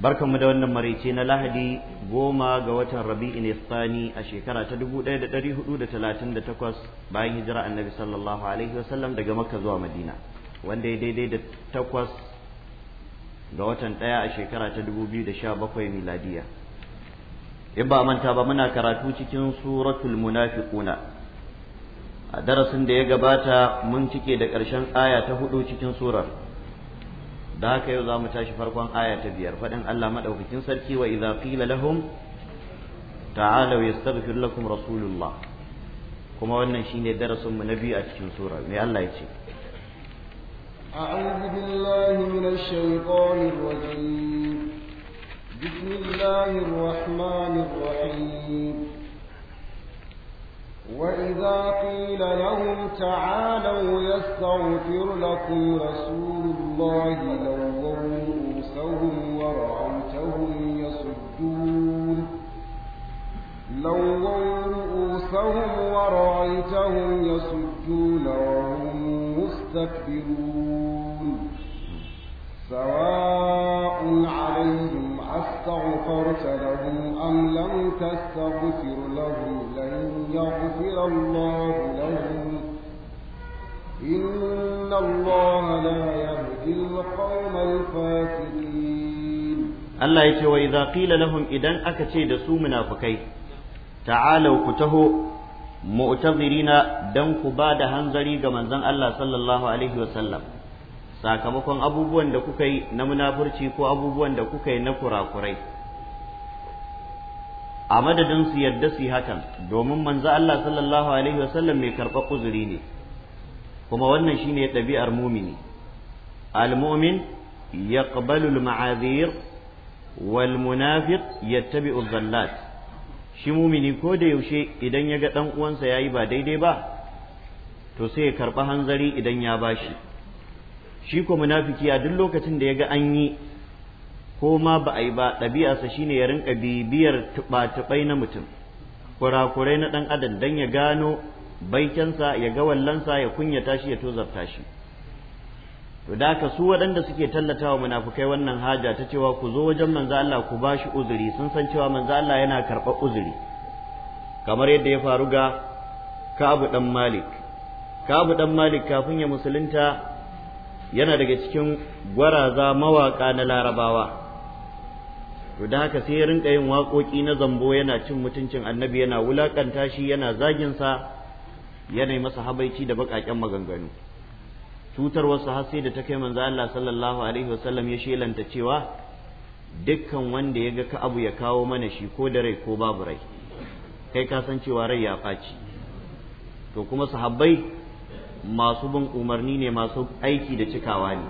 barkan mu da wannan maraice na lahadi goma ga watan rabi'in tsani a shekara ta dubu ɗaya da ɗari hudu da talatin da takwas bayan hijira annabi sallallahu alaihi wasallam daga makka zuwa madina wanda ya daidai da takwas ga watan ɗaya a shekara ta dubu biyu da sha bakwai miladiya in ba manta ba muna karatu cikin suratul munafiquna a darasin da ya gabata mun cike da ƙarshen aya ta hudu cikin surar da haka yau za mu tashi farkon aya ta biyar faɗin Allah maɗaukakin sarki wa idza qila lahum ta'alu yastaghfir lakum rasulullah kuma wannan shine darasin mu na biyu a cikin sura Me Allah ya ce أعوذ بالله من الشيطان الرجيم بسم الله الرحمن الرحيم وإذا قيل لهم تعالوا يستغفر لكم رسول الله لوضوا رؤوسهم ورأيتهم يصدون لو رؤوسهم ورأيتهم يصدون وهم مستكبرون سواء عليهم أستغفرت لهم أم لم تستغفر لهم لن يغفر الله لهم إن الله لا يهدي Allah القوم ce الله يتي وإذا قيل لهم إذن أكتي دسو منافقين تعالوا كتهو مؤتذرين ku بعد hanzari ga manzon Allah sallallahu alaihi wa sallam sakamakon abubuwan da kuka yi na munafurci ko abubuwan da kuka yi na kurakurai a madadin su yarda su yi hakan domin manzo Allah sallallahu alaihi wasallam mai karɓar uzuri ne kuma wannan shine ɗabi'ar mumini المؤمن يقبل المعاذير والمنافق يتبع الظلات shi mumini ko da yaushe idan ya ga ɗan uwansa ya yi ba daidai ba to sai ya karɓi hanzari idan ya bashi shi ko munafiki a duk lokacin da ya ga an yi ko ma ba a yi ba ɗabi'arsa shine ya rinka bibiyar tuɓa-tuɓai na mutum kurakurai na ɗan adam don ya gano baikensa ya ga wallansa ya kunyata shi ya tozarta shi to da haka su waɗanda suke tallatawa munafukai wannan haja ta cewa ku zo wajen manzo Allah ku shi uzuri sun san cewa manzo Allah yana karɓar uzuri kamar yadda ya faru ga kabu dan Malik kabu dan Malik kafin ya musulunta yana daga cikin gwaraza mawaka na Larabawa to da haka sai ya rinka yin waƙoƙi na zambo yana cin mutuncin annabi yana wulakanta shi yana zagin sa yana masa habaici da baƙaƙen maganganu cutar wasu hasi da ta kai manzo Allah sallallahu alaihi wasallam ya shelanta cewa dukkan wanda ya ga ka abu ya kawo mana shi ko da rai ko babu rai kai ka san cewa rai ya faci to kuma sahabbai masu bin umarni ne masu aiki da cikawa ne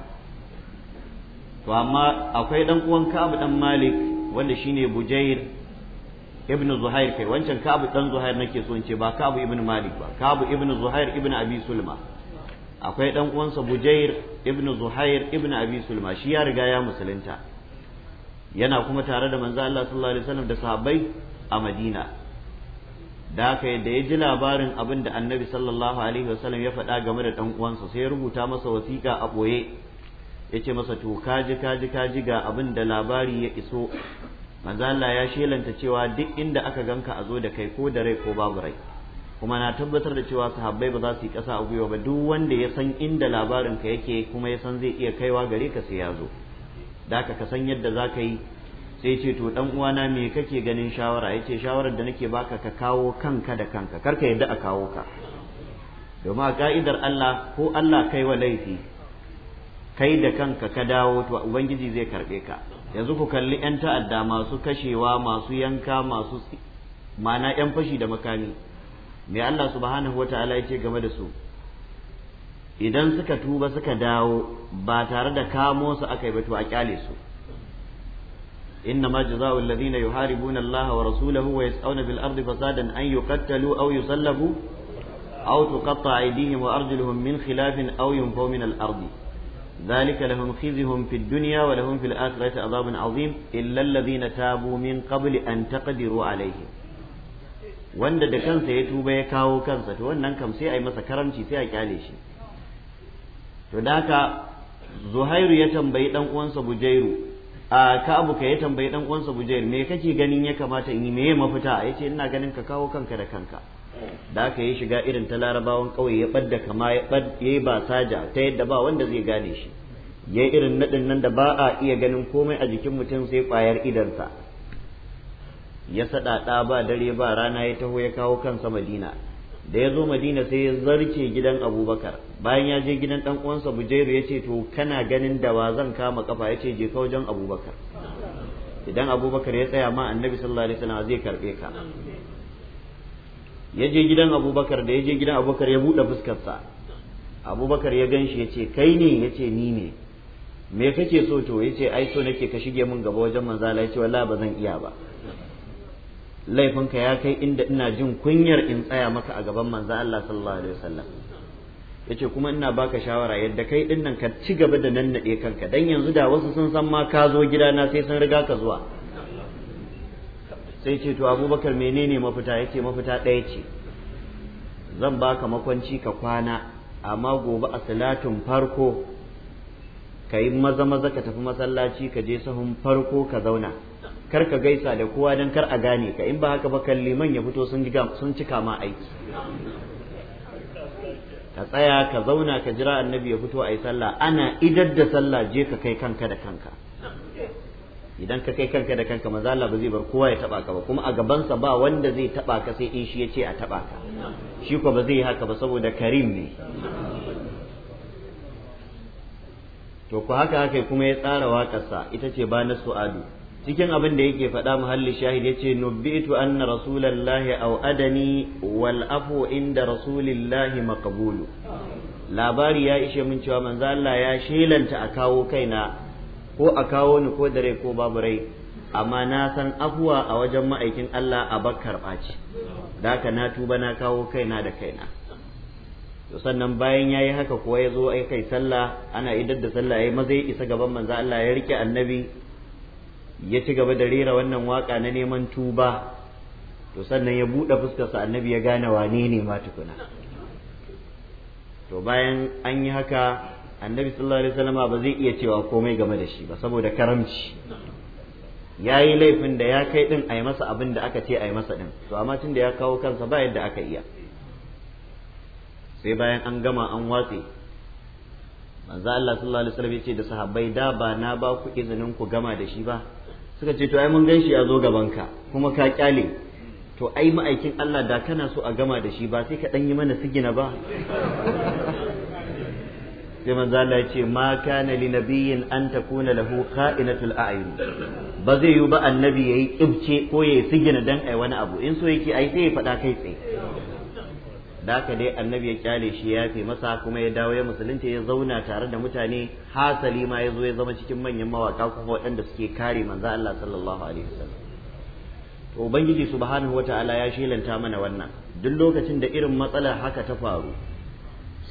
to amma akwai dan uwan Ka'ab dan Malik wanda shine Bujair ibn Zuhair kai wancan Ka'ab dan Zuhair nake so in ce ba Ka'ab ibn Malik ba Ka'ab ibn Zuhair ibn Abi Sulma akwai ɗan uwansa bujair ibn zuhair ibnu abi sulma shi ya riga ya musulunta yana kuma tare da manzo Allah sallallahu alaihi wasallam da sahabbai a Madina da haka da ya ji labarin abin da annabi sallallahu alaihi wasallam ya faɗa game da ɗan uwansa sai ya rubuta masa wasiƙa a ɓoye ya ce masa to kaji kaji kaji ga abin da labari ya iso manzo Allah ya shelanta cewa duk inda aka ganka a zo da kai ko da rai ko babu rai kuma na tabbatar da cewa sahabbai ba za su yi ƙasa a gwiwa ba duk wanda ya san inda labarin ka yake kuma ya san zai iya kaiwa gare ka sai ya zo da ka ka san yadda za ka yi sai ce to dan uwana me kake ganin shawara yace shawarar da nake baka ka kawo kanka da kanka karka yadda a kawo ka domin a ka'idar Allah ko Allah kai wa laifi kai da kanka ka dawo to ubangiji zai karbe ka yanzu ku kalli yan ta'adda masu kashewa masu yanka masu mana yan fashi da makami mai Allah subhanahu wa ta'ala yake game da su idan suka tuba suka dawo ba tare da kamo su aka yi ba to a kyale su inna ma jazaa'u alladhina yuharibuna Allah wa rasulahu wa yas'una bil ardi fasadan an yuqattalu aw yusallabu aw tuqatta'a aydihim wa arjuluhum min khilafin aw yunfaw min al ardi ذلك لهم خزيهم في الدنيا ولهم في الآخرة عذاب عظيم إلا الذين تابوا من قبل أن wanda da kansa ya tuba ya kawo kansa to wannan kam sai a yi masa karamci sai a kyale shi to da haka zuhairu ya tambayi dan uwansa bujairu a ka'abu ka ya tambayi dan uwansa bujairu me kake ganin ya kamata in yi me mafita ya ce ina ganin ka kawo kanka da kanka da haka ya shiga irin ta larabawan kawai ya ɓadda kama ya yi ba ta yadda ba wanda zai gane shi ya irin naɗin nan da ba a iya ganin komai a jikin mutum sai ƙwayar idansa ya saɗaɗa ba dare ba rana ya taho ya kawo kansa madina da ya zo madina sai ya zarce gidan abubakar bayan ya je gidan ɗan uwansa bujairu ya ce to kana ganin da wa zan kama kafa ya ce je ka wajen abubakar idan abubakar ya tsaya ma annabi sallallahu alaihi wasallam zai karbe ka ya je gidan abubakar da ya je gidan abubakar ya buɗe fuskarsa abubakar ya gan ya ce kai ne ya ce ni ne me kake so to ya ce ai so nake ka shige min gaba wajen manzala ya ce wallahi ba zan iya ba laifinka ya kai inda ina jin kunyar in tsaya maka a gaban manzan Allah sallallahu alaihi wasallam yace kuma ina baka shawara yadda kai din nan ka ci gaba da nannade kanka dan yanzu da wasu sun san ma ka zo gidana sai sun riga ka zuwa sai ce to Abubakar menene mafita yace mafita ɗaya ce zan baka makwanci ka kwana amma gobe a salatin farko ka yi maza maza ka tafi masallaci ka je sahun farko ka zauna kar ka gaisa da kowa don kar a gane ka in ba haka ba kalliman ya fito sun cika ma aiki ka tsaya ka zauna ka jira annabi ya fito a yi sallah ana idar da sallah je ka kai kanka da kanka idan ka kai kanka da kanka maza Allah ba zai bar kowa ya taba ka ba kuma a gabansa ba wanda zai taba ka sai in shi ya ce a taba ka shi ko ba zai yi haka ba saboda karim ne to ku haka haka kuma ya tsara waƙarsa ita ce ba na su'adu cikin abin da yake faɗa muhalli shahid yace nubbitu anna rasulallahi aw adani wal afu inda rasulillahi maqbulu labari ya ishe mun cewa manzo Allah ya shelanta a kawo kaina ko a kawo ni ko dare ko babu rai amma na san afuwa a wajen ma'aikin Allah a bakkar ɓaci da haka na tuba na kawo kaina da kaina to sannan bayan yayi haka kuwa ya zo ai kai sallah ana idar da sallah ai maza isa gaban manzo Allah ya rike annabi ya ci gaba da rera wannan waka na neman tuba to sannan ya buɗe fuskarsa annabi ya gane wane ne ma tukuna to bayan an yi haka annabi sallallahu alaihi wasallama ba zai iya cewa komai game da shi ba saboda karamci ya yi laifin da ya kai ɗin a yi masa abin da aka ce a yi masa ɗin to amma tun da ya kawo kansa ba yadda aka iya sai bayan an gama an watse manzo Allah sallallahu alaihi wasallam ce da sahabbai da ba na ba ku izinin ku gama da shi ba suka ce to ai mun gan shi ya zo ka kuma ka kyale to ai ma'aikin Allah da kana so a gama da shi ba sai ka ɗan yi mana sigina ba sai manzo Allah ya ce ma kana li nabiyyin an takuna lahu kha'inatul a'yun ba zai yi ba annabi yayi kibce ko yayi sigina dan ai wani abu in so yake ai sai ya faɗa kai tsaye da haka dai annabi ya kyale shi ya yafe masa kuma ya dawo ya musulunta ya zauna tare da mutane hasali ma ya zo ya zama cikin manyan mawaka kuma waɗanda suke kare manza Allah sallallahu alaihi wasallam to ubangiji subhanahu wataala ya shilanta mana wannan duk lokacin da irin matsalar haka ta faru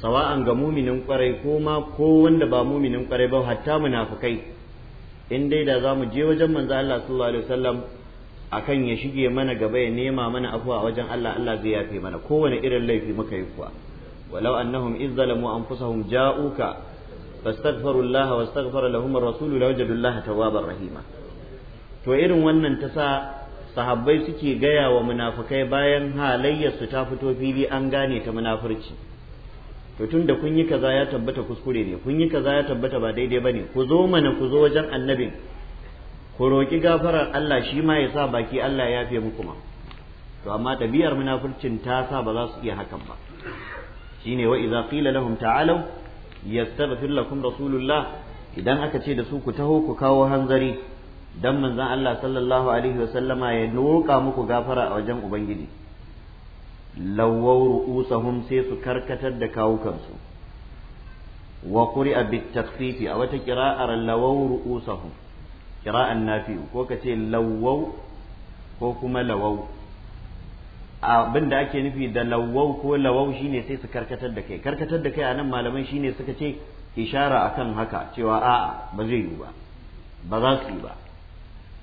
sawa'an ga muminin kwarai ko ma ko wanda ba muminin kwarai ba hatta munafukai in dai da za mu je wajen manzo Allah sallallahu alaihi wasallam akan ya shige mana gaba ya nema mana afuwa a wajen Allah Allah zai yafe mana kowane irin laifi muka yi kuwa walau annahum iz zalamu anfusahum ja'uka fastaghfiru Allah wastaghfara lahum ar-rasul lawajadu Allah tawwabar rahima to irin wannan ta sa sahabbai suke gaya wa munafukai bayan halayyarsu ta fito fili an gane ta munafurci to tun da kun yi kaza ya tabbata kuskure ne kun yi kaza ya tabbata ba daidai bane ku zo mana ku zo wajen annabin ku roƙi gafarar Allah shi ma ya sa baki Allah ya fi muku ma to amma ɗabi'ar munafurcin ta sa ba za su iya hakan ba shine wa idza qila lahum ta'alu yastaghfir lakum rasulullah idan aka ce da su ku taho ku kawo hanzari dan manzon Allah sallallahu alaihi wa sallama ya noka muku gafara a wajen ubangiji lawwaw ru'usahum sai su karkatar da kawukansu wa quri'a bit takfifi a wata kira'ar lawwaw ru'usahum Kira kira'an nafi ko ka ce lawau ko kuma lawau abin da ake nufi da lawau ko lawau shine sai su karkatar da kai karkatar da kai a nan malamai shine suka ce ishara akan haka cewa a'a ba zai yi ba ba za su yi ba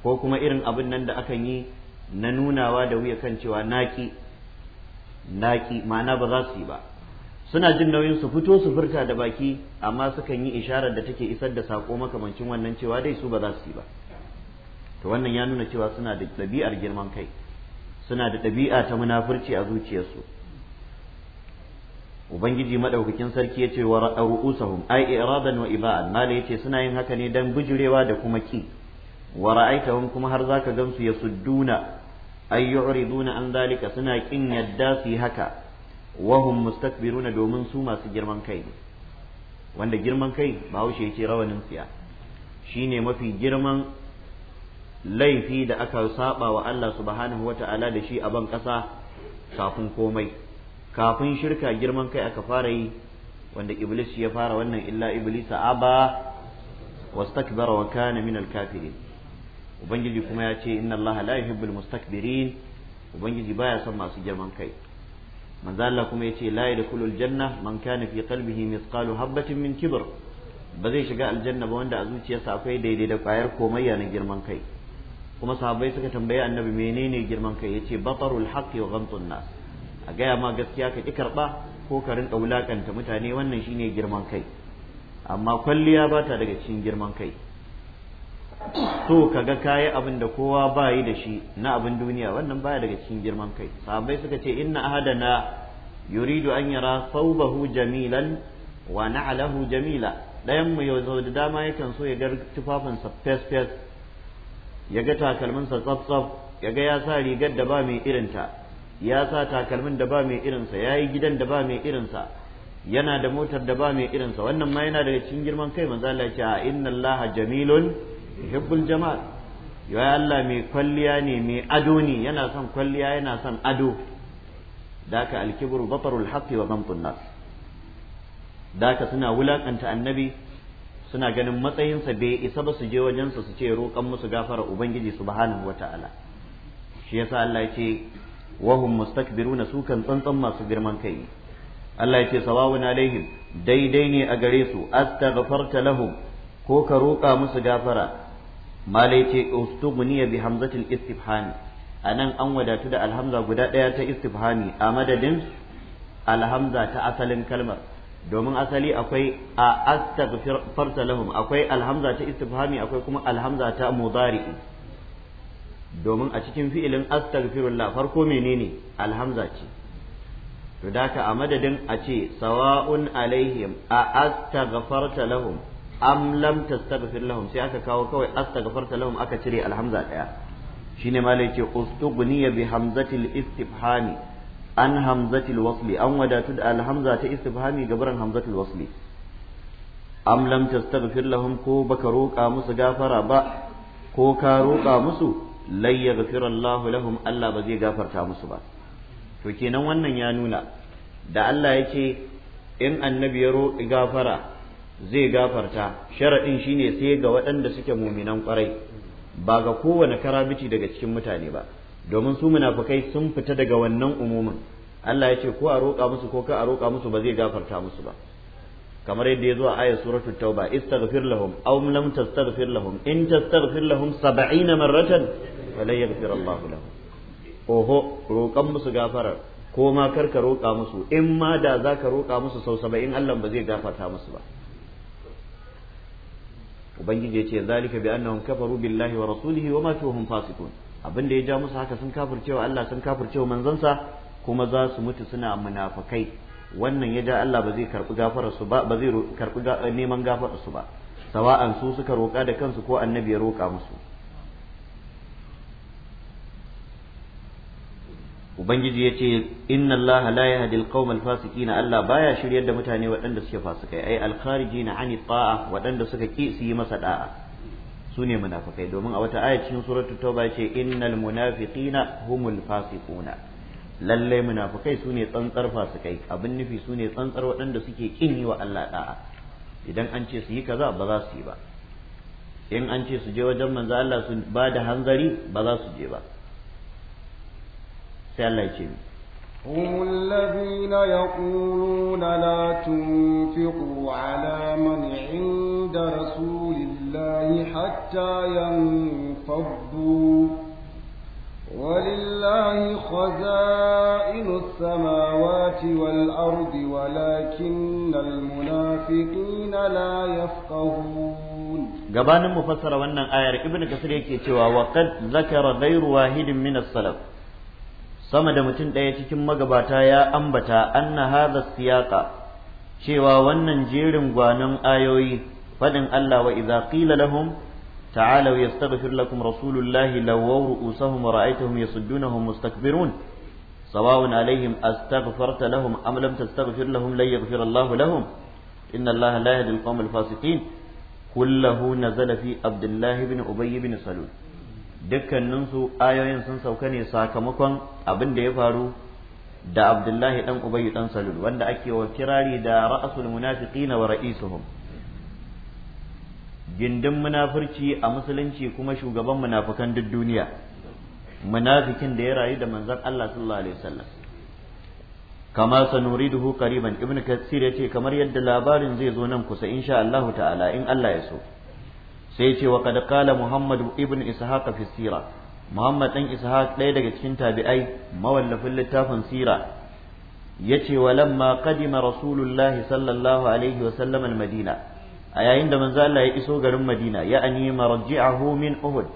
ko kuma irin abin nan da akan yi na nunawa da wuya kan cewa naki naki ma'ana ba za su yi ba suna jin nauyin su fito su furta da baki amma sukan yi isharar da take isar da sako makamancin wannan cewa dai su ba za su yi ba to wannan ya nuna cewa suna da ɗabi'ar girman kai suna da ɗabi'a ta munafurci a zuciyarsu ubangiji madaukakin sarki ya ce wa ru'usahum ai iradan wa iba'an mala yace suna yin haka ne dan bujurewa da kuma ki wa ra'aitahum kuma har zaka gamsu yasudduna ay yu'riduna an dalika suna kin yadda su yi haka wahum mustakbiruna domin su masu girman kai ne wanda girman kai bahaushe ya ce rawanin siya shine mafi girman laifi da aka saba wa Allah subhanahu wata'ala da shi a ban kasa kafin komai kafin shirka girman kai aka fara yi wanda iblis ya fara wannan illa iblis aba wastakbara wa kana minal alkafirin. ubangiji kuma ya ce inna Allah la yuhibbul mustakbirin ubangiji baya son masu girman kai manzo Allah kuma yace la yadkhulul janna man kana fi qalbihi mithqalu habatin min kibr ba zai shiga aljanna ba wanda a zuciyarsa akwai daidai da kwayar komayya na girman kai kuma sahabbai suka tambaye annabi menene girman kai yace batarul haqqi wa ghamtun nas a gaya ma gaskiya ka ki karba ko ka rinka wulakanta mutane wannan shine girman kai amma kwalliya ba ta daga cikin girman kai so kaga kayi abin da kowa bayi da shi na abin duniya wannan baya daga cikin girman kai sahabbai suka ce inna ahadana yuridu an yara saubahu jamilan wa na'alahu jamila dayan mu yau da dama yakan so ya ga tufafinsa fes fes ya ga takalminsa tsaf tsaf ya ga ya sa rigar da ba mai irin ta ya sa takalmin da ba mai irin ya yi gidan da ba mai irin sa yana da motar da ba mai irin sa wannan ma yana daga cikin girman kai manzo Allah ya ce inna Allaha jamilun yuhibbul Jama'a, ya Allah mai kwalliya ne mai ado ne yana son kwalliya yana son ado daka alkibru batarul haqqi wa bantun nas daka suna wulakanta annabi suna ganin matsayinsa bai isa ba su je wajensa su ce roƙan musu gafara ubangiji subhanahu wata'ala shi yasa Allah ya ce wahum mustakbiruna su kan tsantsan masu girman kai Allah ya ce sawawun alaihim daidai ne a gare su astaghfarta lahum ko ka roƙa musu gafara malai ce ustughniya bi hamzatil A anan an wadatu da alhamza guda ɗaya ta istifhami a madadin alhamza ta asalin kalmar domin asali akwai a astaghfir farta lahum akwai alhamza ta istifhami akwai kuma alhamza ta mudari domin a cikin fi'ilin astaghfirullah farko menene alhamza ce to daka a madadin a ce sawa'un alaihim a astaghfarta lahum am lam tastaghfir lahum sai aka kawo kawai astaghfarta lahum aka cire alhamza daya shine malai ce ustughniya bi hamzatil istifhami an hamzatil wasli an wadatu da alhamza ta istifhami gabaran hamzatil wasli am lam tastaghfir lahum ko baka roƙa musu gafara ba ko ka roƙa musu lai yaghfir Allahu lahum Allah ba zai gafarta musu ba to kenan wannan ya nuna da Allah yake in annabi ya roƙi gafara zai gafarta sharaɗin shine sai ga waɗanda suke muminan ƙwarai ba ga kowane karabici daga cikin mutane ba domin su munafukai sun fita daga wannan umumin Allah ya ce ko a roƙa musu ko ka a roƙa musu ba zai gafarta musu ba kamar yadda ya zo a ayar suratul tauba istaghfir lahum aw lam tastaghfir lahum in tastaghfir lahum 70 marratan falan yaghfir Allah lahum oho roƙan musu gafarar ko ma karka roƙa musu in ma da zaka roƙa musu sau 70 Allah ba zai gafarta musu ba ubangiji ya ce zalika bi annahum kafaru billahi wa rasulihi wa matu hum fasiqun abin da ya ja musu haka sun wa Allah sun wa manzansa kuma za su mutu suna munafakai wannan ya ja Allah ba zai karbi gafarar su ba ba zai karbi neman gafarar su ba sawa'an su suka roka da kansu ko annabi ya roka musu ubangiji yace inna allaha la yahdi fasiki alfasiqin allah baya shiryar da mutane waɗanda suke fasikai ai alkharijina ani ta'a waɗanda suka ki su yi masa da'a su ne munafikai domin a wata aya cikin suratul tauba yace innal munafiqina humul fasiquna lalle munafikai su ne tsantsar fasikai abin nufi su ne tsantsar waɗanda suke kin yi wa Allah da'a idan an ce su yi kaza ba za su yi ba in an ce su je wajen manzo Allah su ba da hanzari ba za su je ba sai Allah ya ce mu هم الذين يقولون لا تنفقوا على من عند رسول الله حتى ينفضوا ولله خزائن السماوات والأرض ولكن المنافقين لا يفقهون قبان مفسر وانا آية ابن كثير يكي وقد ذكر غير واحد من السلف sama da mutum ɗaya cikin magabata ya ambata anna hadha siyaqa cewa wannan jerin gwanon ayoyi fadin Allah wa idza qila lahum ta'alu yastaghfir lakum rasulullahi lawaw ru'usahum ra'aytahum yasuddunahum mustakbirun sawa'un alaihim astaghfarta lahum am lam tastaghfir lahum lan yaghfir Allah lahum inna Allah la yahdi al-qawm al-fasiqin kullahu nazala fi Abdullah ibn Ubay ibn Salul dukkaninsu ayoyin sun sauka ne sakamakon abin da ya faru da abdullahi dan ubayyu dan salul wanda ake wa kirari da ra'asul munafiqina wa ra'isuhum gindin munafurci a musulunci kuma shugaban munafukan duk duniya munafikin da ya rayu da manzon Allah sallallahu alaihi wasallam kama sanuriduhu qariban ibn katsir yace kamar yadda labarin zai zo nan kusa insha Allah ta'ala in Allah ya so sai ce wa kad qala muhammad ibn ishaq fi sira muhammad dan ishaq ɗaya daga cikin tabi'ai mawallafin littafin sira yace walamma qadima rasulullahi sallallahu alaihi wa sallam madina a yayin da manzo Allah ya iso garin Madina ya ani marji'ahu min Uhud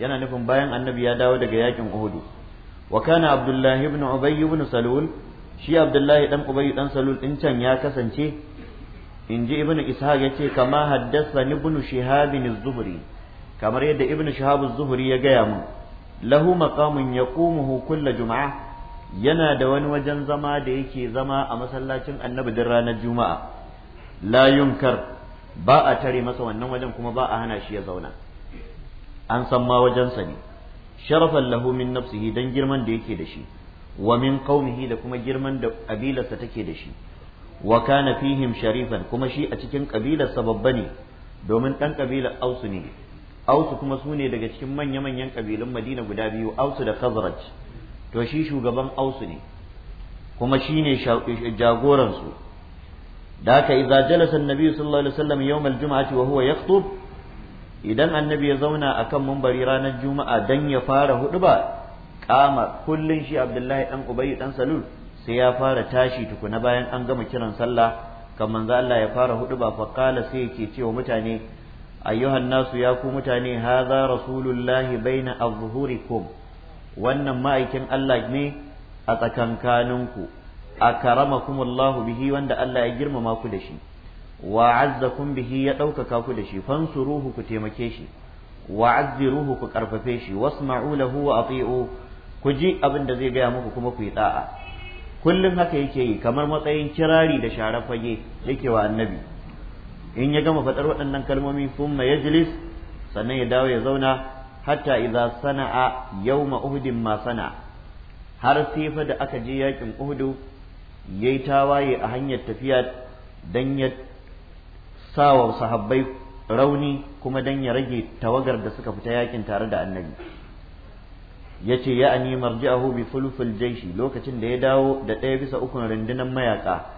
yana nufin bayan annabi ya dawo daga yakin Uhud wa kana abdullahi ibn Ubay ibn Salul shi abdullahi dan Ubay dan Salul din can ya kasance in ji ibn ishaq ya ce kamar haddasa ibn shihabin zuhri kamar yadda ibn shihab zuhri ya gaya mun lahu maqamun yaqumuhu kulla juma'a yana da wani wajen zama da yake zama a masallacin annabi din ranar juma'a la yunkar ba a tare masa wannan wajen kuma ba a hana shi ya zauna an san ma wajensa ne sharafan lahu min nafsihi dan girman da yake da shi wa min qaumihi da kuma girman da kabilarsa take da shi wa kana fihim sharifan kuma shi a cikin kabilar babba ne domin ɗan kabilar ausu ne ausu kuma su ne daga cikin manya-manyan kabilun madina guda biyu ausu da khazraj to shi shugaban ausu ne kuma shi ne jagoransu da haka idza jalasa annabi sallallahu alaihi wasallam yawm aljum'ati wa huwa idan annabi ya zauna akan mumbari ranar juma'a dan ya fara hudu ba kama kullun shi abdullahi dan ubayy dan salul sai ya fara tashi tukuna bayan an gama kiran sallah kan manzo Allah ya fara hudu ba fa qala sai yake cewa mutane ayyuhan nasu ya ku mutane haza rasulullahi baina azhurikum wannan ma'aikin Allah ne a tsakankaninku a karamakumullahu bihi wanda Allah ya girmama ku da shi wa azzakum bihi ya ɗaukaka ku da shi fansuruhu ku taimake shi wa azziruhu ku karfafe shi wasma'u lahu wa ati'u ku ji abin da zai gaya muku kuma ku yi da'a kullum haka yake yi kamar matsayin kirari da sharar fage yake wa annabi in ya gama faɗar waɗannan kalmomi sun yajlis sannan ya dawo ya zauna hatta idza sana'a yawma uhudin ma sana har sai fa da aka je yakin uhudu yayi tawaye a hanyar tafiya dan ya sawa sahabbai rauni kuma dan ya rage tawagar da suka fita yakin tare da annabi Ya ce yace ya'ani marji'ahu bi fulful jaishi lokacin da ya dawo da ɗaya bisa ukun rundunar mayaka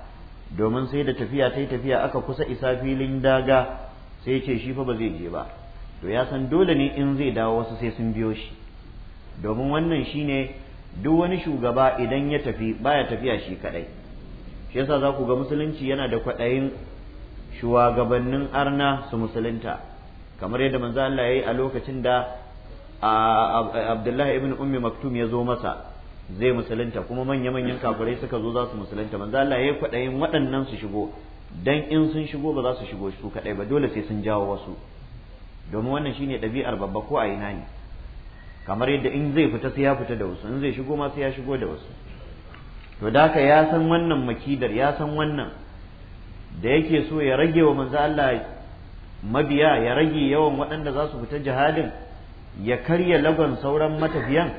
domin sai da tafiya ta tafiya aka kusa isa filin daga sai ce shi fa ba zai je ba to ya san dole ne in zai dawo wasu sai sun biyo shi domin wannan shine duk wani shugaba idan ya tafi baya tafiya shi kaɗai, shi yasa za ku ga musulunci yana da kwaɗayin shugabannin arna su musulunta kamar yadda manzo Allah yayi a lokacin da abdullahi ibn ummi maktum ya zo masa zai musulunta kuma manya-manyan kafirai suka zo za su musulunta manzo Allah ya kwaɗayin waɗannan su shigo dan in sun shigo ba za su shigo su kaɗai ba dole sai sun jawo wasu domin wannan shine ɗabi'ar babba ko a ina ne kamar yadda in zai fita sai ya fita da wasu in zai shigo ma sai ya shigo da wasu to da haka ya san wannan makidar ya san wannan da yake so ya rage wa manzo Allah mabiya ya rage yawan waɗanda za su fita jihadin ya karya lagon sauran matafiyan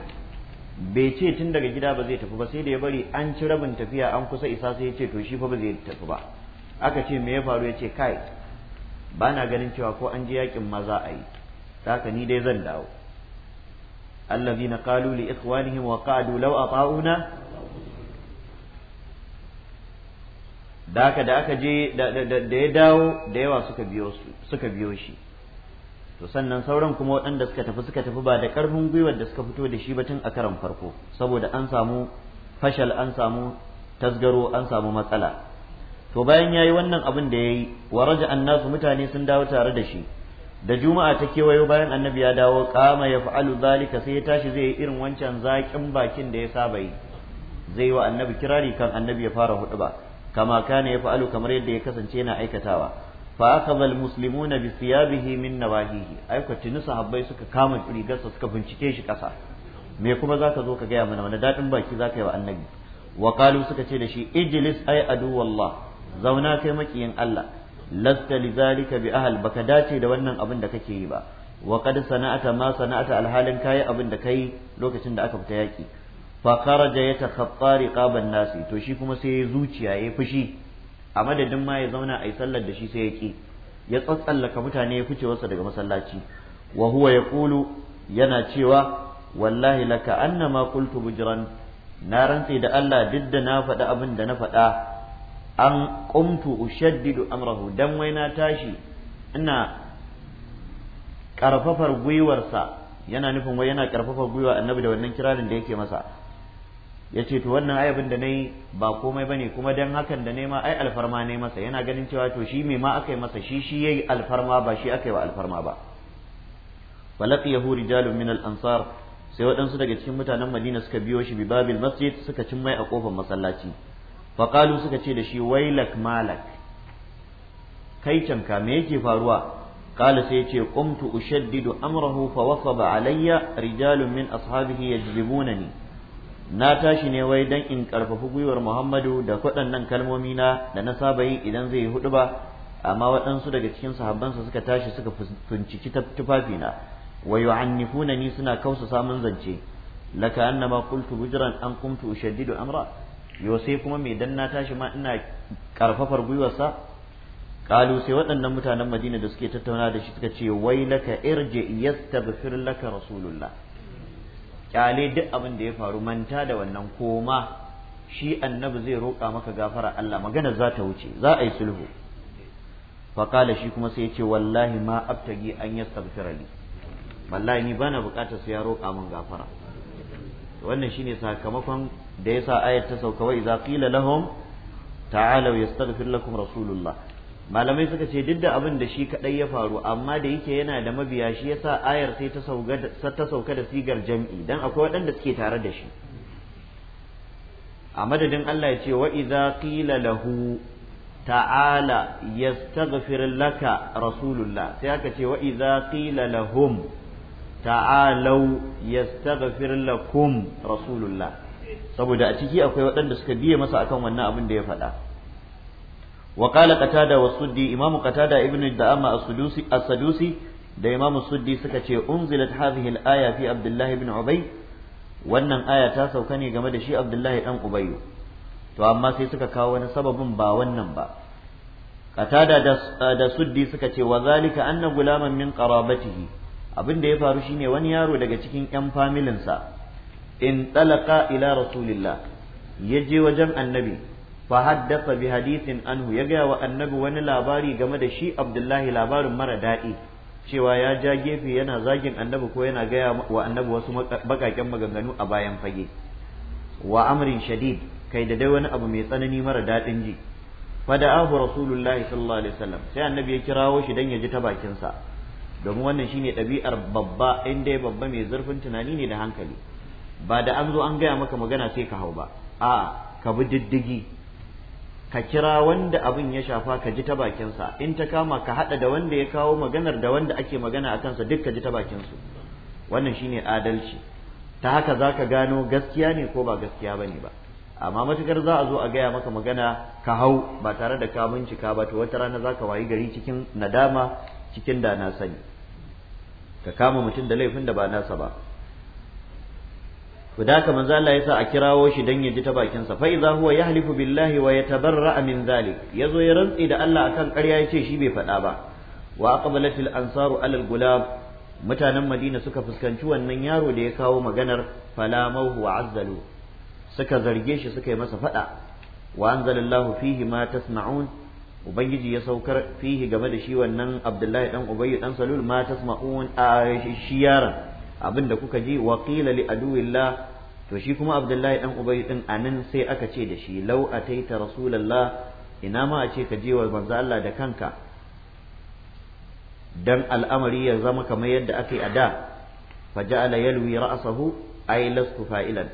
bai ce tun daga gida ba zai tafi ba sai da ya bari an ci rabin tafiya an kusa isa sai ya ce to shi fa ba zai tafi ba aka ce me ya faru ya ce kai ba na ganin cewa ko an je yakin ma za a yi haka ni dai zan dawo allazina qalu li ikhwanihim wa qadu law ata'una da aka da aka je da ya dawo da yawa suka biyo suka biyo shi to sannan sauran kuma waɗanda suka tafi suka tafi ba da ƙarfin gwiwar da suka fito da shi ba tun a karon farko saboda an samu fashal an samu tasgaro an samu matsala to bayan yayi wannan abin da yayi wa raja annasu mutane sun dawo tare da shi da juma'a ta kewayo bayan annabi ya dawo kama ya fa'alu zalika sai ya tashi zai yi irin wancan zakin bakin da ya saba yi zai wa annabi kirari kan annabi ya fara hudu ba kama kana ya fa'alu kamar yadda ya kasance yana aikatawa fa akhadha almuslimuna bi thiyabihi min nawahihi ai ko tuni sahabbai suka kama rigarsa suka bincike shi kasa me kuma zaka zo ka gaya mana wani daɗin baki zaka yi wa annabi wa suka ce da shi ijlis ai adu wallah zauna kai makiyin Allah lasta li zalika bi ahal baka dace da wannan abin da kake yi ba wa qad sana'ata ma sana'ata alhalin kayi abin da kai lokacin da aka fita yaki fa kharaja yatakhatta riqaban nasi to shi kuma sai zuciya yayi fushi a madadin ma ya zauna a yi sallar da shi sai ya ƙi ya tsatsallaka mutane ya fice wasa daga masallaci wa huwa kulu. yana cewa wallahi laka annama kultu bujran na rantse da Allah duk da na faɗi abin da na faɗa an qumtu ushaddidu amrahu dan wai na tashi ina karfafar gwiwarsa yana nufin wai yana karfafar gwiwa annabi da wannan kirarin da yake masa ya ce to wannan ayabin da na yi ba komai ne kuma dan hakan da nema ai alfarma ne masa yana ganin cewa to shi me ma aka yi masa shi shi yi alfarma ba shi aka yi wa alfarma ba falaqiyahu rijalun min al-ansar sai waɗansu daga cikin mutanen Madina suka biyo shi bi babil masjid suka cin mai a kofar masallaci faqalu suka ce da shi wailak malak kai canka me yake faruwa قال سيتي قمت أشدد أمره فوصب علي رجال من أصحابه يجذبونني na tashi ne wai dan in karfafi gwiwar Muhammadu da waɗannan kalmomi na da na saba yi idan zai yi hudu ba amma waɗansu daga cikin sahabbansa suka tashi suka finciki na wa yu'annifuna ni suna kausa samun zance laka annama qultu bujran an kuntu ushaddidu amra yo kuma me dan na tashi ma ina karfafar gwiwarsa kalu sai waɗannan mutanen Madina da suke tattauna da shi suka ce wai laka irji yastaghfir laka rasulullah kyale duk abin da ya faru manta da wannan koma shi annabi zai roƙa maka gafara Allah magana za ta wuce za a yi sulhu faƙala shi kuma sai ya ce wallahi ma abtagi an yastaghfira li wallahi ni bana buƙatar sai ya roƙa min gafara wannan shine sakamakon da yasa ayat ta sauka wa iza qila lahum ta'alu yastaghfir lakum rasulullah malamai suka ce duk da abin da shi kaɗai ya faru amma da yake yana da mabiya shi yasa ayar sai ta sauka da sigar jam'i dan akwai waɗanda suke tare da shi a madadin Allah ya ce wa idza qila lahu ta'ala yastaghfir laka rasulullah sai aka ce wa idza qila lahum ta'alau yastaghfir lakum rasulullah saboda a ciki akwai waɗanda suka biye masa akan wannan abin da ya faɗa وقال قتادة والسدي إمام قتادة ابن الدعامة السدوسي, السدوسي ده إمام السدي سكتي أنزلت هذه الآية في عبد الله بن عبي wannan aya ta sauka ne game da shi Abdullahi ɗan Ubayyu to amma sai suka kawo wani sababin ba wannan ba qatada da suddi suka ce wa zalika anna gulaman min qarabatihi abin da ya faru shine wani yaro daga cikin yan familinsa in talaqa ila rasulillah ya je wajen annabi fa dafa bi hadithin anhu ya gaya wa annabi wani labari game da shi abdullahi labarin mara daɗi cewa ya ja gefe yana zagin annabi ko yana gaya wa annabi wasu bakaken maganganu a bayan fage wa amrin shadid kai da dai wani abu mai tsanani mara daɗin ji fada'ahu rasulullahi sallallahu alaihi wasallam sai annabi ya kirawo shi dan ya ji ta bakin sa domin wannan shine ɗabi'ar babba in dai babba mai zurfin tunani ne da hankali ba da an zo an gaya maka magana sai ka hau ba a'a ka bi diddigi ka kira wanda abin ya shafa ka ji ta bakinsa in ta kama ka haɗa da wanda ya kawo maganar da wanda ake magana a kansa duk ka ji ta bakinsu wannan shine adalci ta haka za ka gano gaskiya ne ko ba gaskiya bane ne ba amma matukar za a zo a gaya maka magana ka hau ba tare da ka bincika ba to wata rana za ka wayi gari cikin nadama cikin da na sani ka kama mutum da laifin da ba nasa ba to da haka manzo Allah yasa a kirawo shi dan ya ji ta bakin sa fa idza huwa yahlifu billahi wa yatabarra min zalik yazo ya rantsi da Allah akan ƙarya yace shi bai faɗa ba wa aqbalat al ansaru alal al gulab mutanen Madina suka fuskanci wannan yaro da ya kawo maganar falamahu wa azzalu suka zarge shi suka yi masa faɗa wa anzalallahu fihi ma tasma'un ubangiji ya saukar fihi game da shi wannan Abdullahi dan Ubayy dan Salul ma tasma'un a shi yaron abin da kuka ji wa qila li aduwillah to shi kuma abdullahi dan ubay din anan sai aka ce da shi law ataita rasulullah ina ma a ce ka je wa manzo Allah da kanka dan al'amari ya zama kamar yadda aka yi a da fa ja'ala yalwi ra'sahu ay lastu fa'ilan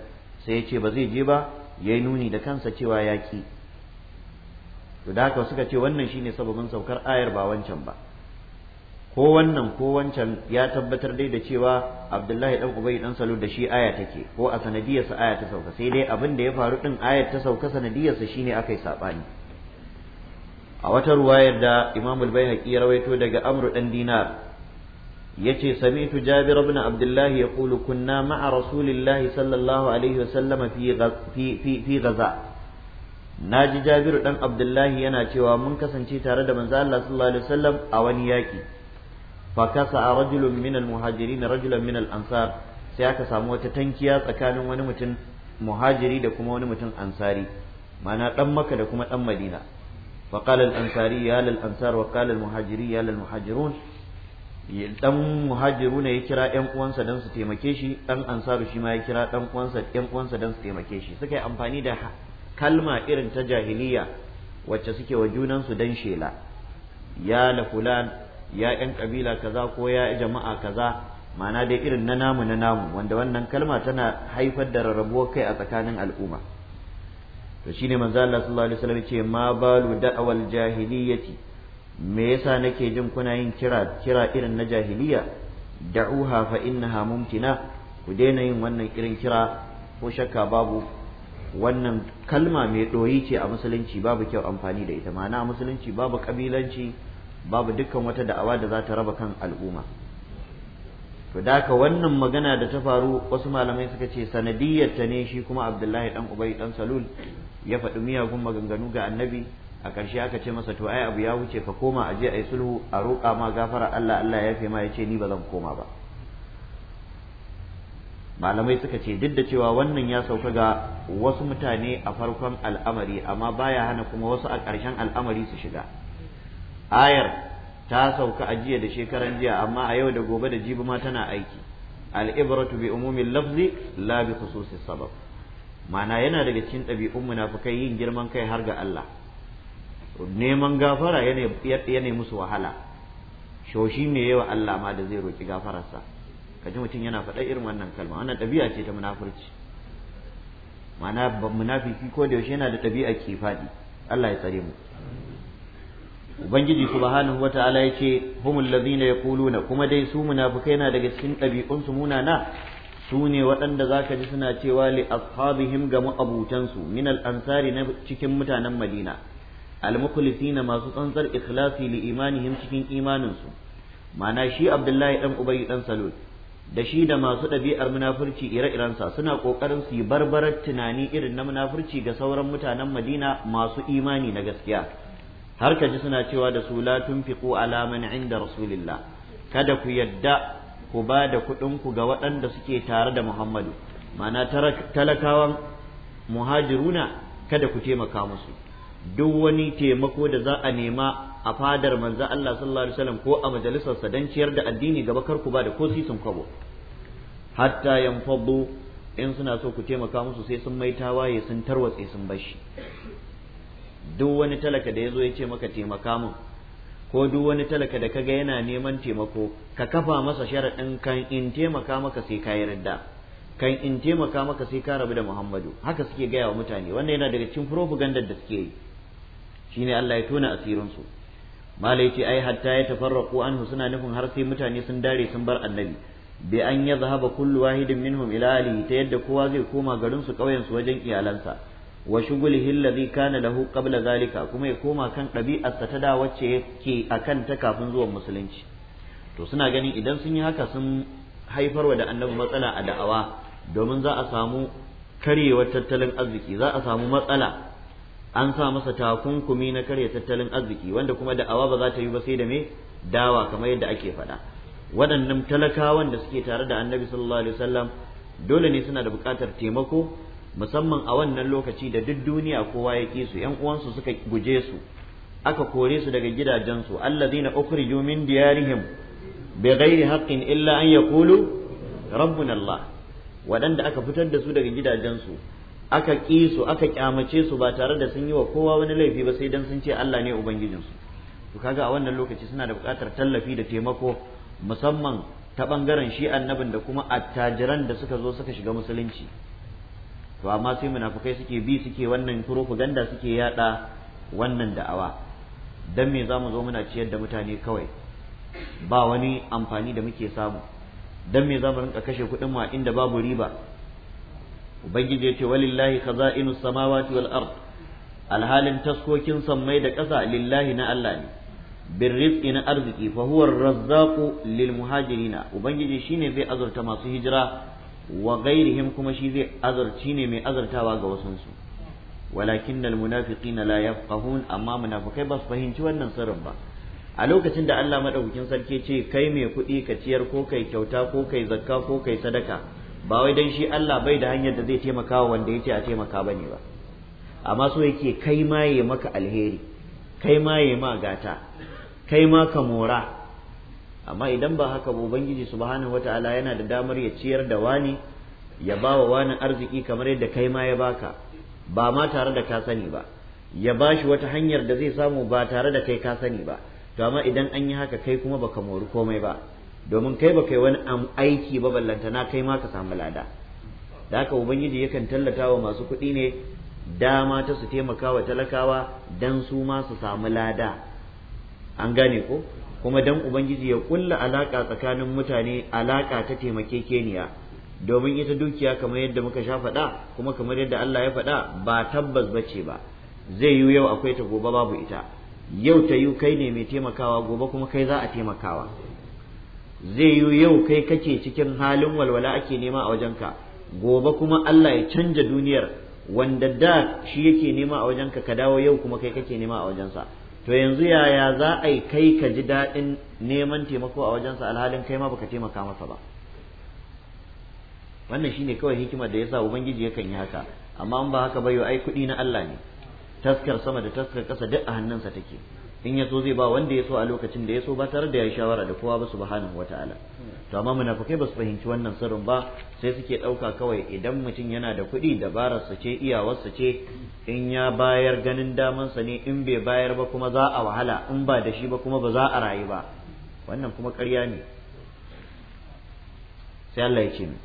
sai ya ce ba zai je ba yayi nuni da kansa cewa yaki to da haka suka ce wannan shine sababin saukar ayar ba wancan ba ko wannan ko wancan ya tabbatar dai da cewa abdullahi dan ubay dan salo da shi aya take ko a sanadiyarsa aya ta sauka sai dai abin da ya faru din ayar ta sauka sanadiyarsa shine akai sabani a wata ruwayar da imam al-baihaqi ya rawaito daga amru dan dinar yace sami'tu jabir ibn abdullahi yaqulu kunna ma'a rasulillahi sallallahu alaihi wasallam fi fi fi gaza naji jabiru dan abdullahi yana cewa mun kasance tare da manzo Allah sallallahu alaihi wasallam a wani yaki Fakasa, a rajulun min muhajiri na rajulun min ansar sai aka samu wata tankiya tsakanin wani mutum muhajiri da kuma wani mutum ansari ma'ana dan makka da kuma dan madina fa qala al-ansari ya lil ansar wa qala al-muhajiri ya lil muhajirun dan muhajiru ne ya kira 'yan uwansa don su taimake shi ɗan ansaru shi ma ya kira dan uwansa ƴan uwansa dan su taimake shi suka yi amfani da kalma irin ta jahiliya wacce suke wa junansu don shela ya la fulan ya ƴan kabila kaza ko ya jama'a kaza ma'ana dai irin na namu na namu wanda wannan kalma tana haifar da rarrabuwar kai a tsakanin al'umma to shine manzo Allah sallallahu alaihi wasallam ce ma balu da'awal jahiliyyati me yasa nake jin kuna yin kira kira irin na jahiliya da'uha fa innaha mumtina ku daina yin wannan irin kira ko shakka babu wannan kalma mai doyi ce a musulunci babu kyau amfani da ita ma'ana a musulunci babu kabilanci babu dukkan wata da'awa da za ta raba kan al'umma to da haka wannan magana da ta faru wasu malamai suka ce sanadiyar ta ne shi kuma abdullahi dan ubai dan salul ya faɗi miyagun maganganu ga annabi a ƙarshe aka ce masa to ai abu ya wuce ka koma a je a yi sulhu a roƙa ma gafara Allah Allah ya fi ma ya ce ni ba zan koma ba malamai suka ce duk da cewa wannan ya sauka ga wasu mutane a farkon al'amari amma baya hana kuma wasu a ƙarshen al'amari su shiga ayar ta sauka a jiya da shekaran jiya amma a yau da gobe da jibi ma tana aiki al'ibratu bi umumin lafzi la bi khususi sabab ma'ana yana daga cikin ɗabi'un munafukai yin girman kai har ga Allah neman gafara yana musu wahala shoshi me yawa Allah ma da zai roki gafararsa kaji mutum yana faɗa irin wannan kalma wannan ɗabi'a ce ta munafurci ma'ana munafiki ko da yaushe yana da ɗabi'a ke faɗi Allah ya tsare mu ubangiji subhanahu wataala yace humul ya yaquluna kuma dai su munafikai na daga cikin ɗabi'un su munana su ne waɗanda zaka ji suna cewa li ashabihim ga ma'abutan su min al ansari na cikin mutanen madina al mukhlisina masu tsantsar ikhlasi li imanihim cikin imanin su ma'ana shi abdullahi dan ubayy dan salul da shi da masu ɗabi'ar munafurci ire-irensa suna ƙoƙarin su yi barbarar tunani irin na munafurci ga sauran mutanen madina masu imani na gaskiya har ka ji suna cewa da su la tunfiqu ala man inda rasulillah kada ku yadda ku ba da kuɗin ku ga waɗanda suke tare da Muhammadu mana talakawan muhajiruna kada ku taimaka musu duk wani taimako da za a nema a fadar manzo Allah sallallahu alaihi wasallam ko a majalisarsa dan ciyar da addini gaba kar ku ba da ko sisin kwabo hatta yanfadu in suna so ku taimaka musu sai sun mai tawaye sun tarwatse sun bashi duk wani talaka da ya zo ya ce maka taimaka mun ko duk wani talaka da kaga yana neman taimako ka kafa masa sharaɗin kan in taimaka maka sai ka yarda kan in taimaka maka sai ka rabu da Muhammadu haka suke gaya wa mutane wannan yana daga cikin propaganda da suke yi shine Allah ya tona asirin su malai ce ai hatta ya tafarraqu anhu suna nufin har sai mutane sun dare sun bar annabi bi an ya zahaba kullu wahidin minhum ila alihi ta yadda kowa zai koma garin su ƙauyen su wajen iyalansa wa shugulihi alladhi kana lahu qabla zalika kuma ya koma kan ɗabi'arsa ta da wacce yake akan ta kafin zuwan musulunci to suna ganin idan sun yi haka sun haifarwa da annabi matsala a da'awa domin za a samu karyewar tattalin arziki za a samu matsala an sa masa takunkumi na karya tattalin arziki wanda kuma da'awa ba za ta yi ba sai da me dawa kamar yadda ake faɗa waɗannan talakawan da suke tare da annabi sallallahu alaihi wasallam dole ne suna da buƙatar taimako musamman a wannan lokaci da duk duniya kowa ya ƙi su uwansu suka guje su aka kore su daga gidajensu allazina ukhriju min diyarihim bighairi haqqin illa an yaqulu rabbuna Allah waɗanda aka fitar da su daga gidajensu aka ƙi su aka kyamace su ba tare da sun yi wa kowa wani laifi ba sai dan sun ce Allah ne ubangijinsu to kaga a wannan lokaci suna da buƙatar tallafi da taimako musamman ta ɓangaren shi annabin da kuma attajiran da suka zo suka shiga musulunci to amma sai munafukai suke bi suke wannan furofaganda suke yada wannan da'awa dan me zamu zo muna ciyar da mutane kawai ba wani amfani da muke samu dan me zamu rinka kashe kuɗin mu inda babu riba ubangiji ya ce walillahi khaza'inus samawati wal ard alhalin taskokin sammai da ƙasa lillahi na Allah ne bin rizqi na arziki fa huwa razzaqu lil muhajirina ubangiji shine zai azurta masu hijira wa ghairihim kuma shi zai azarci ne mai azartawa ga wasansu walakin almunafiqina la yafqahun amma munafikai ba su fahimci wannan sirrin ba a lokacin da Allah madaukakin sarki ce kai mai kuɗi ka ciyar ko kai kyauta ko kai zakka ko kai sadaka ba wai dan shi Allah bai da hanyar da zai taimaka wa wanda yace a taimaka bane ba amma so yake kai ma yayi maka alheri kai ma yayi ma gata kai ma ka mora amma idan ba haka ba ubangiji subhanahu wataala yana da damar ya ciyar da wani ya ba wa wani arziki kamar yadda kai ma ya baka ba ma tare da ka sani ba ya ba shi wata hanyar da zai samu ba tare da kai ka sani ba to amma idan an yi haka kai kuma baka mori komai ba domin kai ba yi wani aiki ba na kai ma ka samu lada da haka ubangiji yakan tallata wa masu kuɗi ne dama ta su taimaka wa talakawa dan su ma su samu lada an gane ko kuma dan ubangiji ya kulla alaka tsakanin mutane alaka ta taimakekeniya domin ita dukiya kamar yadda muka sha faɗa kuma kamar yadda Allah ya faɗa ba tabbas bace ba zai yiwu yau akwai ta gobe babu ita yau ta yiwu kai ne mai taimakawa gobe kuma kai za a taimakawa zai yiwu yau kai kake cikin halin walwala ake nema a wajen ka, gobe kuma Allah ya canja duniyar wanda da shi yake nema a wajenka ka dawo yau kuma kai kake nema a wajensa to yanzu yaya za a yi kai ka ji daɗin neman taimako a wajensa alhalin kai ma baka taimaka masa ba wannan shine kawai hikimar da yasa ubangiji yakan yi haka amma in ba haka ba yau ai kuɗi na Allah ne taskar sama da taskar ƙasa duk a hannunsa take in ya so zai ba wanda ya so a lokacin da ya so ba tare da ya shawara da kowa ba subhanahu wataala to amma munafikai ba su fahimci wannan sirrin ba sai suke ɗauka kawai idan mutum yana da kuɗi dabararsa ce iyawarsa ce in ya bayar ganin damansa ne in bai bayar ba kuma za a wahala in ba da shi ba kuma ba za a rayu ba wannan kuma ƙarya ne sai Allah ya ce mu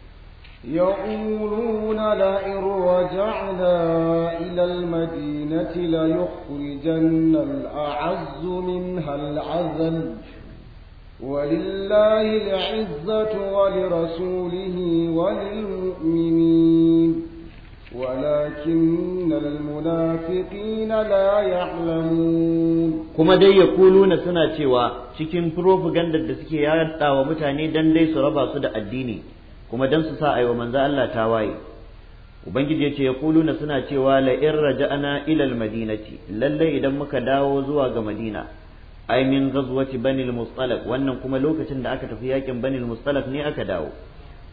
يقولون لئن رجعنا إلى المدينة ليخرجن الأعز منها ولله العزة ولرسوله وللمؤمنين ولكن المنافقين لا يعلمون kuma dai ya kuluna suna cewa cikin propaganda da suke yada wa mutane dan dai su raba su da addini kuma dan su sa aiwa manzo Allah tawaye ubangiji yace ya kuluna suna cewa la in raja'ana ila al-madinati lalle idan muka dawo zuwa ga madina ai min ghazwati bani al-mustalaq wannan kuma lokacin da aka tafi yakin bani al-mustalaq ne aka dawo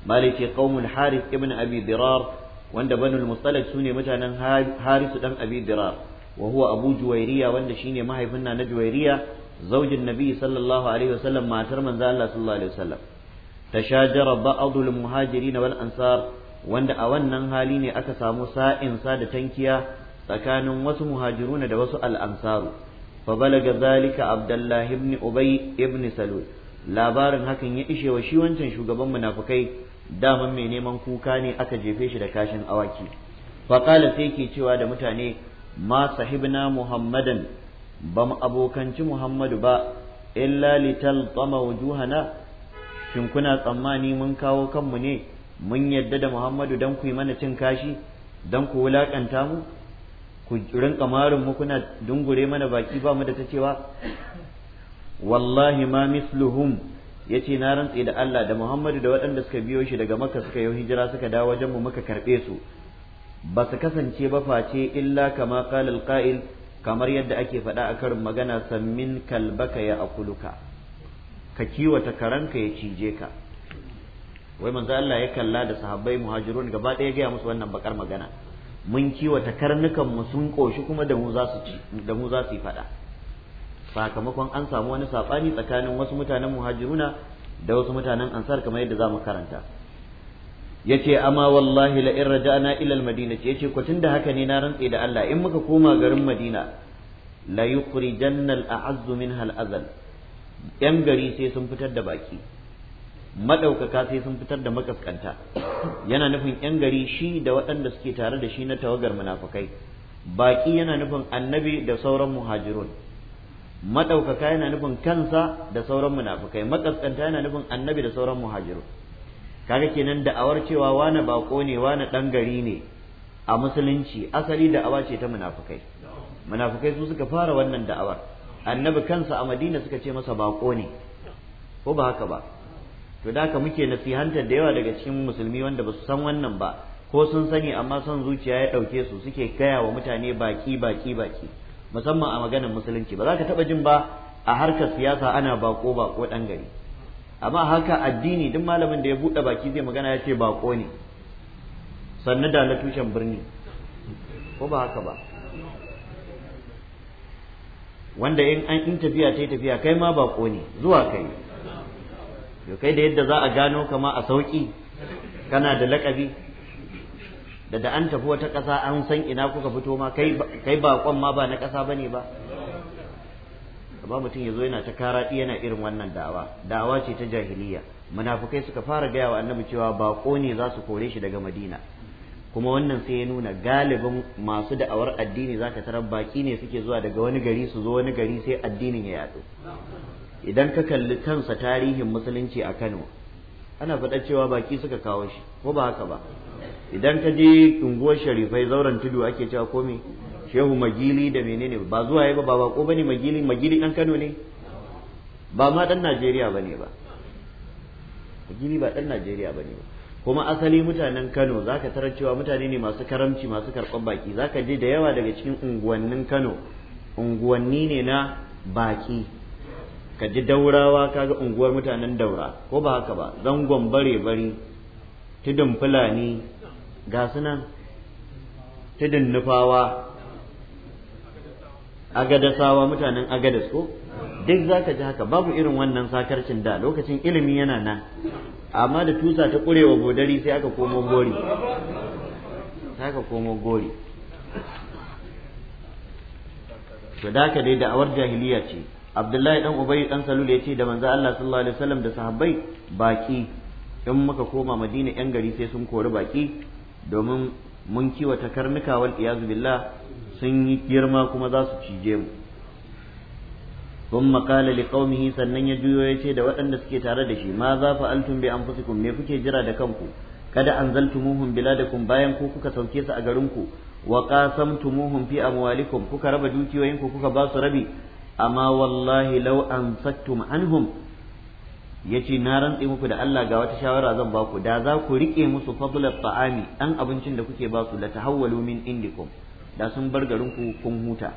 maliki qaumul harith ibn abi dirar wanda bani al-mustalaq sune mutanen harisu dan abi dirar wa huwa abu juwairiya wanda shine mahaifin na na juwairiya zaujin nabi sallallahu alaihi wasallam matar manzo Allah sallallahu alaihi wasallam tashajara ba'd al-muhajirin wal ansar wanda a wannan hali ne aka samu sa'in da tankiya tsakanin wasu muhajiruna da wasu al'ansaru. ansaru فبلغ ذلك عبد الله بن أبي ابن سلول labarin hakan ya ishe wa shi wancan shugaban munafukai daman mai neman kuka ne aka jefe shi da kashin awaki faƙala sai ke cewa da mutane ma sahibna muhammadan ba mu abokanci muhammadu ba illa lital tsama wujuhana shin kuna tsammani mun kawo kanmu ne mun yadda da muhammadu don ku yi mana cin kashi don ku wulaƙanta mu ku rinka marin mu kuna dungure mana baki ba mu da ta cewa wallahi ma misluhum yace na rantse da Allah da Muhammadu da waɗanda suka biyo shi daga Makka suka yi hijira suka dawo wajen mu muka karbe su ba su kasance ba face illa kama qala alqa'il kamar yadda ake faɗa a karin magana sammin kalbaka ya akuluka ka kiwata karanka ya cije ka wai manzo Allah ya kalla da sahabbai muhajirun gaba ɗaya ya gaya musu wannan bakar magana mun kiwata karnukan mu sun koshi kuma da mu za su ci da mu za su yi fada sakamakon an samu wani sabani tsakanin wasu mutanen muhajiruna da wasu mutanen ansar kamar yadda zamu karanta yace amma wallahi la in raja'na ila al yace ko tunda haka ne na rantse da Allah in muka koma garin Madina la yukhrijanna al-a'azz minha al-azal yan gari sai sun fitar da baki madaukaka sai sun fitar da makaskanta yana nufin yan gari shi da waɗanda suke tare da shi na tawagar munafukai baki yana nufin annabi da sauran muhajirun madaukaka yana nufin kansa da sauran munafukai makaskanta yana nufin annabi da sauran muhajirun kaga kenan da'awar cewa wani bako ne wani dan gari ne a musulunci asali da'awa ce ta munafukai munafukai su suka fara wannan da'awar annabi kansa a madina suka ce masa bako ne ko ba haka ba to da haka muke nasihantar da yawa daga cikin musulmi wanda ba su san wannan ba ko sun sani amma son zuciya ya ɗauke su suke gaya wa mutane baki baki baki musamman a maganar musulunci ba za ka taɓa jin ba a harkar siyasa ana bako bako ɗan gari amma haka addini duk malamin da ya buɗe baki zai magana ya ce bako ne sannu da na tushen birni ko ba haka ba wanda in an tafiya ta yi tafiya kai ma bako ne zuwa kai to kai da yadda za a gano kama a sauƙi kana da lakabi da da an tafi wata ƙasa an san ina kuka fito ma kai baƙon ma ba na ƙasa bane ba ba mutum ya zo yana ta karaɗi yana irin wannan dawa dawa ce ta jahiliya munafukai suka fara gaya wa annabi cewa baƙo ne za su kore shi daga madina kuma wannan sai ya nuna galibin masu da'awar addini zaka tarar baƙi ne suke zuwa daga wani gari su zo wani gari sai addinin ya yaɗu idan ka kalli kansa tarihin musulunci a Kano ana faɗa cewa baki suka kawo shi ko ba haka ba idan ka je unguwar sharifai zauren tudu ake cewa komi shehu magili da menene ba zuwa ya ba ba ko bane magili magili dan Kano ne ba ma dan Najeriya bane ba magili ba dan Najeriya bane ba kuma asali mutanen Kano zaka tarar cewa mutane ne masu karamci masu karɓar baki zaka je da yawa daga cikin unguwannin Kano unguwanni ne na baki ka ji daurawa ka ga unguwar mutanen daura ko ba haka ba zangon bare bari tudun fulani ga nan tudun nufawa agadasawa mutanen agadas ko duk za ka ji haka babu irin wannan sakarcin da lokacin ilimi yana nan amma da tusa ta ƙurewa godari sai aka komo gori sai aka komo gori to da ka dai da'awar jahiliya ce abdullahi dan ubay dan salul yace da manzo Allah sallallahu alaihi wasallam da sahabbai baki in muka koma madina yan gari sai sun kori baki domin mun kiwata karnuka wal iyazu billah sun yi girma kuma za su cije mu makala li qaumihi sannan ya juyo ce da waɗanda suke tare da shi ma za fa altum bi anfusikum me kuke jira da kanku kada anzaltumuhum biladakum bayan ku kuka sauke su a garin ku wa qasamtumuhum fi amwalikum kuka raba dukiyoyin ku kuka ba su rabi amma wallahi law sattum anhum yace na rantse muku da Allah ga wata shawara zan ba ku da za ku rike musu fadlat ta'ami ɗan abincin da kuke ba su la tahawwalu min indikum da sun bar garin ku kun huta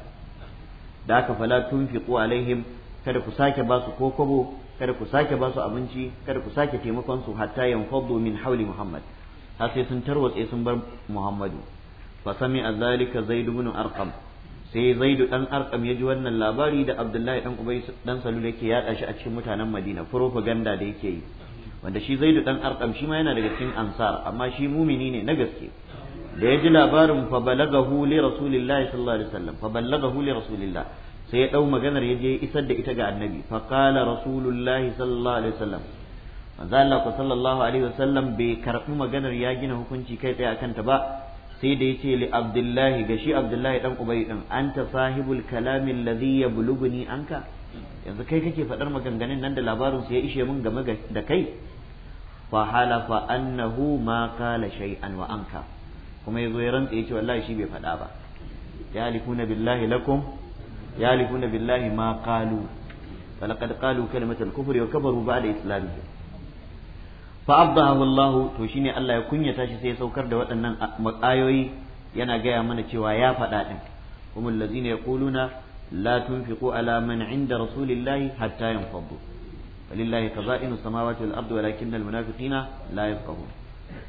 da ka fala tunfiqu alaihim kada ku sake ba su ko kada ku sake ba su abinci kada ku sake taimakon su hatta fadlu min hauli muhammad har sai sun tarwatse sun bar muhammadu fa sami azalika zaid ibn arqam sai zaidu dan arkam ya ji wannan labari da abdullahi dan ubay dan salul yake yada shi a cikin mutanen madina propaganda da yake yi wanda shi zaidu dan arkam shi ma yana daga cikin ansar amma shi mumini ne na gaske da ya ji labarin fa balagahu li rasulillahi sallallahu alaihi wasallam fa balagahu li rasulillah sai ya dau maganar ya je isar da ita ga annabi fa qala rasulullahi sallallahu alaihi wasallam manzo Allah sallallahu alaihi wasallam bai karbi maganar ya gina hukunci kai tsaye akan ta ba sai da yace li abdullahi ga shi abdullahi dan ubay din anta sahibul kalami alladhi yabluguni anka yanzu kai kake faɗar maganganun nan da labarin su ya ishe mun game da kai fa halafa annahu ma qala shay'an wa anka kuma yazo ya rantsa yace wallahi shi bai faɗa ba ya likuna billahi lakum ya likuna billahi ma qalu فلقد قالوا كلمة الكفر وكفروا بعد إسلامهم fa abdahu Allah to shine Allah ya kunyata shi sai ya saukar da waɗannan ayoyi yana gaya mana cewa ya faɗa din kuma allazina yaquluna la tunfiqu ala man inda rasulillahi hatta yanfadu walillahi khaza'inu samawati wal ardi walakin al munafiqina la yafqahun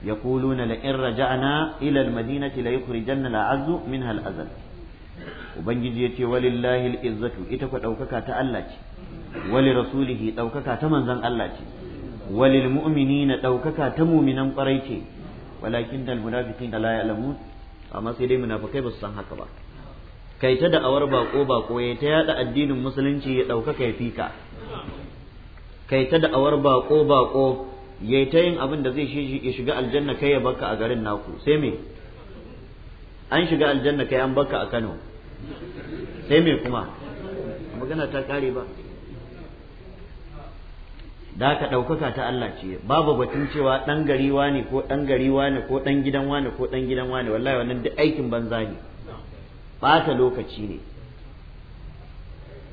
yaquluna la in raja'na ila al madinati la yukhrijanna al azzu minha azal ubangiji yace walillahi al izzatu ita ku daukaka ta Allah wali daukaka ta manzon Allah ce walil mu'minina daukaka ta mu'minan kwarai ce walakin dal munafiqin la ya'lamun amma sai dai munafikai ba su san haka ba kai ta da awar bako bako ya ta yada addinin musulunci ya daukaka ya fika kai ta da awar bako bako yayi ta yin abin da zai shi shiga aljanna kai ya baka a garin naku sai me an shiga aljanna kai an baka a Kano sai me kuma magana ta kare ba da ka ɗaukaka ta Allah ce babu batun cewa ɗan gari wani ko ɗan gari wani ko ɗan gidan wani ko ɗan gidan wani wallahi wannan duk aikin banza ne ɓata lokaci ne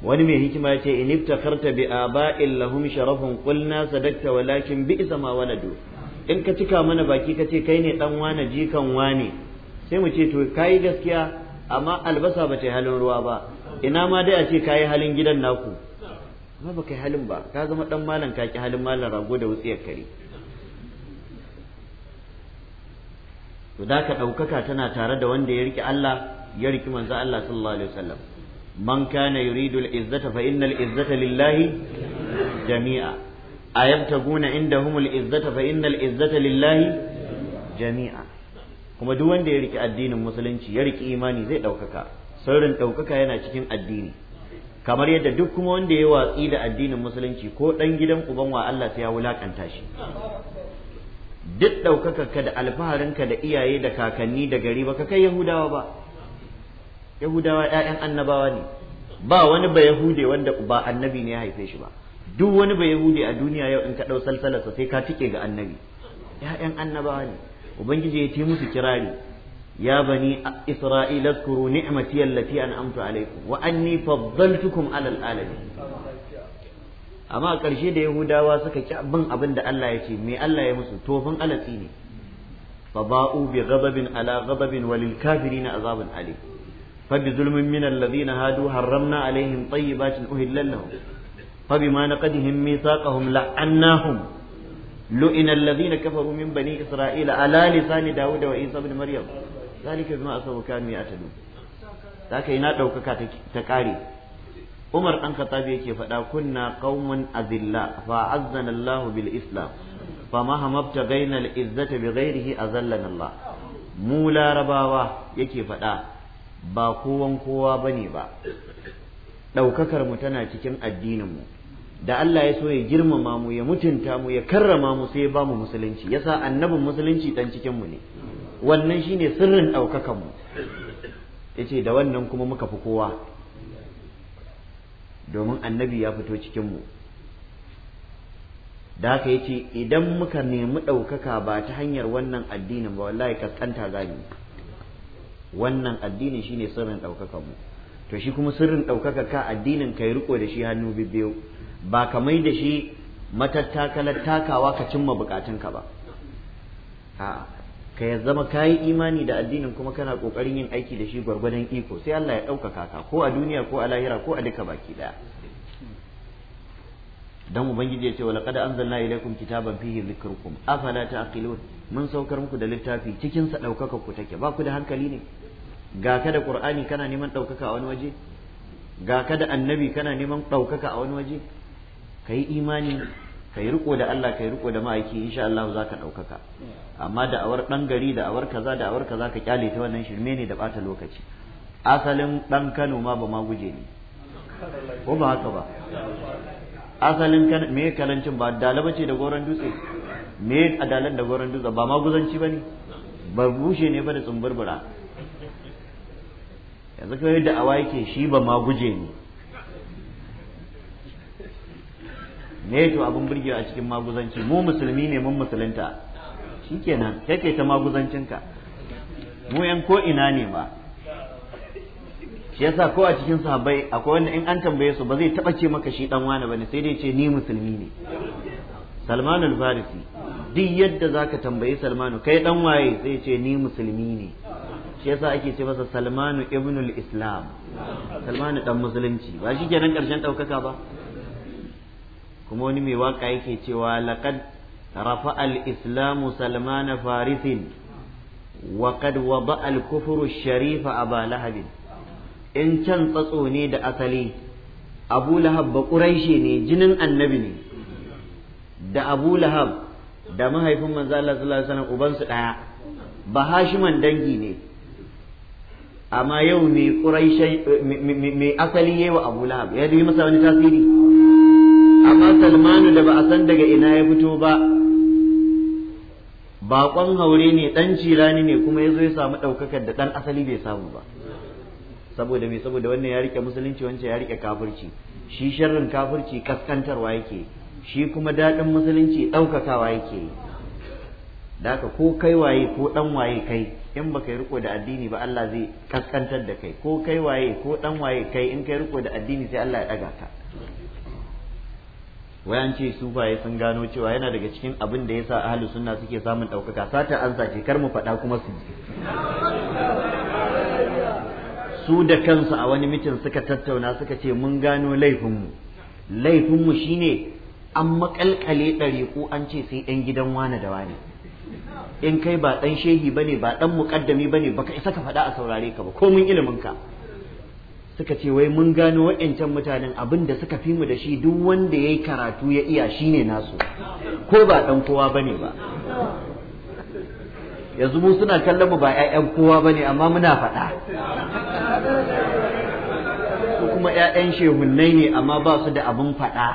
wani mai hikima ya ce in iftakarta bi aba'in lahum sharafun qulna sadakta walakin bi ma waladu in ka cika mana baki ka ce kai ne dan wani jikan wane sai mu ce to kai gaskiya amma albasa ba ta halin ruwa ba ina ma dai a ce kai halin gidan naku amma ba kai halin ba ka zama dan malam ka ki halin malam rago da wutsiyar kare to da ka ɗaukaka tana tare da wanda ya riki Allah ya riki manzo Allah sallallahu alaihi wasallam man kana yuridu al-izzata fa innal izzata lillahi jami'a ayabtaguna indahum al-izzata fa innal izzata lillahi jami'a kuma duk wanda ya riki addinin musulunci ya riki imani zai ɗaukaka sirrin ɗaukaka yana cikin addini kamar yadda duk kuma wanda ya watsi da addinin musulunci ko ɗan gidan uban wa Allah sai ya wulakanta shi duk ka da alfaharin ka da iyaye da kakanni da gari ba ka kai yahudawa ba yahudawa ‘ya'yan annabawa ne ba wani ba yahude wanda ba annabi ne ya haife shi ba duk wani ba yahude a duniya yau in ka ɗau salsalarsa sai ka tike ga annabi ‘ya'yan annabawa ne ubangiji ya ce musu kirari يا بني إسرائيل اذكروا نعمتي التي أنعمت عليكم وأني فضلتكم على العالمين amma a ƙarshe da yahudawa suka ci abin abin da Allah ya ce me Allah ya musu tofin alatsi ne fa ba'u bi ghadabin ala ghadabin walil kafirina azabun alim fa bi zulmin min alladhina hadu harramna alaihim tayyibatin uhillat lahum fa bima naqadihim mithaqahum la'annahum lu'ina alladhina kafaru min bani isra'ila ala lisani wa isa na maryam zalika zama asabu kan mi atadu zaka yi na ɗaukaka ta kare Umar dan Khattabi yake faɗa kunna qaumun azilla fa azzana bil Islam fa mahama btagaina al izzata bi ghairihi azallana Allah mu larabawa yake faɗa ba kowan kowa bane ba daukakar mu tana cikin addinin mu da Allah ya so ya girmama mu ya mutunta mu ya karrama mu sai ya ba mu musulunci yasa annabin musulunci dan cikin mu ne wannan shine sirrin ɗaukakanmu. mu yace da wannan kuma muka fi kowa domin annabi ya fito cikin mu da haka yace idan muka nemi ɗaukaka ba ta hanyar wannan addinin ba wallahi kaskanta zamu wannan addinin shine sirrin ɗaukakanmu. to shi kuma sirrin ɗaukaka ka addinin kai riko da shi hannu bibbiyu ba ka mai da shi matattakalar takawa ka cimma bukatunka ba A'a. ka ya zama ka yi imani da addinin kuma kana kokarin yin aiki da shi gwargwadon iko sai Allah ya ɗaukaka ka ko a duniya ko a lahira ko a duka baki ɗaya dan ubangiji ya ce wala qad anzalna ilaykum kitaban fihi dhikrukum afala taqilun mun saukar muku da littafi cikin sa ɗaukaka ku take ba ku da hankali ne ga ka da qur'ani kana neman ɗaukaka a wani waje ga ka da annabi kana neman ɗaukaka a wani waje ka imani kai riko da Allah kai riko da ma'aiki insha Allah za ka ɗaukaka amma da awar ɗan gari da awar kaza da awar kaza ka kyale ta wannan shirme ne da ɓata lokaci asalin ɗan Kano ma ba ma guje ne ko ba haka ba asalin me kalancin ba dalaba ce da goron dutse me adalan da goron dutse ba ma guzanci ba ne ba bushe ne ba da tsumburbura yanzu kawai da awa yake shi ba ma guje ne me to abin burgewa a cikin maguzanci mu musulmi ne mun musulunta shikenan kai kai ta maguzancinka mu yan ko ina ne ba shi yasa ko a cikin sahabbai akwai wanda in an tambaye su ba zai taba ce maka shi dan wani bane sai dai ce ni musulmi ne Salman al-Farisi duk yadda zaka tambayi Salmanu kai dan waye sai ce ni musulmi ne shi yasa ake ce masa Salmanu ibnul Islam Salmanu dan musulunci ba shi nan karshen daukaka ba kuma wani mai waka yake cewa laqad rafa al-islamu salman farisin wa qad wada al kufuru sharifa aba lahab in can tsatso ne da asali abu lahab ba quraishi ne jinin annabi ne da abu lahab da mahaifin manzo Allah sallallahu alaihi wasallam ubansu daya ba hashiman dangi ne amma yau mai asali yayi wa abu lahab ya yi masa wani tasiri amma salmanu da ba a san daga ina ya fito ba baƙon haure ne ɗan cirani ne kuma yazo ya samu ɗaukakar da ɗan asali bai samu ba saboda me saboda wannan ya rike musulunci wancan ya rike kafirci shi sharrin kafirci kaskantarwa yake shi kuma daɗin musulunci ɗaukakawa yake yi da ko kai waye ko ɗan waye kai in baka yi riko da addini ba Allah zai kaskantar da kai ko kai waye ko ɗan waye kai in kai riko da addini sai Allah ya ɗaga ka an ce sufaye sun gano cewa yana daga cikin abin da yasa ahlus sunna suke samun ɗaukaka sata an sace kar mu faɗa kuma su su da kansu a wani mitin suka tattauna suka ce mun gano laifinmu laifinmu shine an makalkale ko an ce sai ɗan gidan wane da wane in kai ba ɗan shehi ba ne ba ɗan muƙaddami ba baka isa ka faɗa a saurare ka ba ilimin ka. suka ce wai mun gano wa'yancan mutanen abin da suka fi mu da shi duk wanda ya yi karatu ya iya shine nasu ko ba ɗan kowa ba ne ba yanzu mu suna kallon mu ba 'ya'yan kowa ba ne amma muna faɗa su kuma 'ya'yan shehunnai ne amma ba su da abin faɗa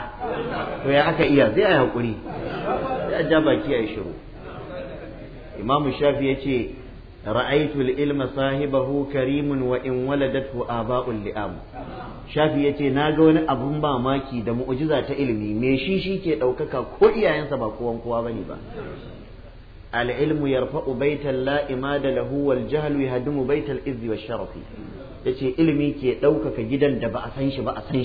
to ya aka iya zai a haƙuri sai ja baki a shiru imamu shafi ya ce ra'aytul ilma sahibahu karimun wa in waladathu aba'ul li'am shafi yace na ga wani abun mamaki da mu'ujiza ta ilimi me shi shi ke ɗaukaka ko iyayensa ba kowan kowa bane ba al-ilmu yarfa'u baital la imada lahu wal jahlu yahdumu baital izzi wash sharafi yace ilimi ke ɗaukaka gidan da ba a san shi ba a san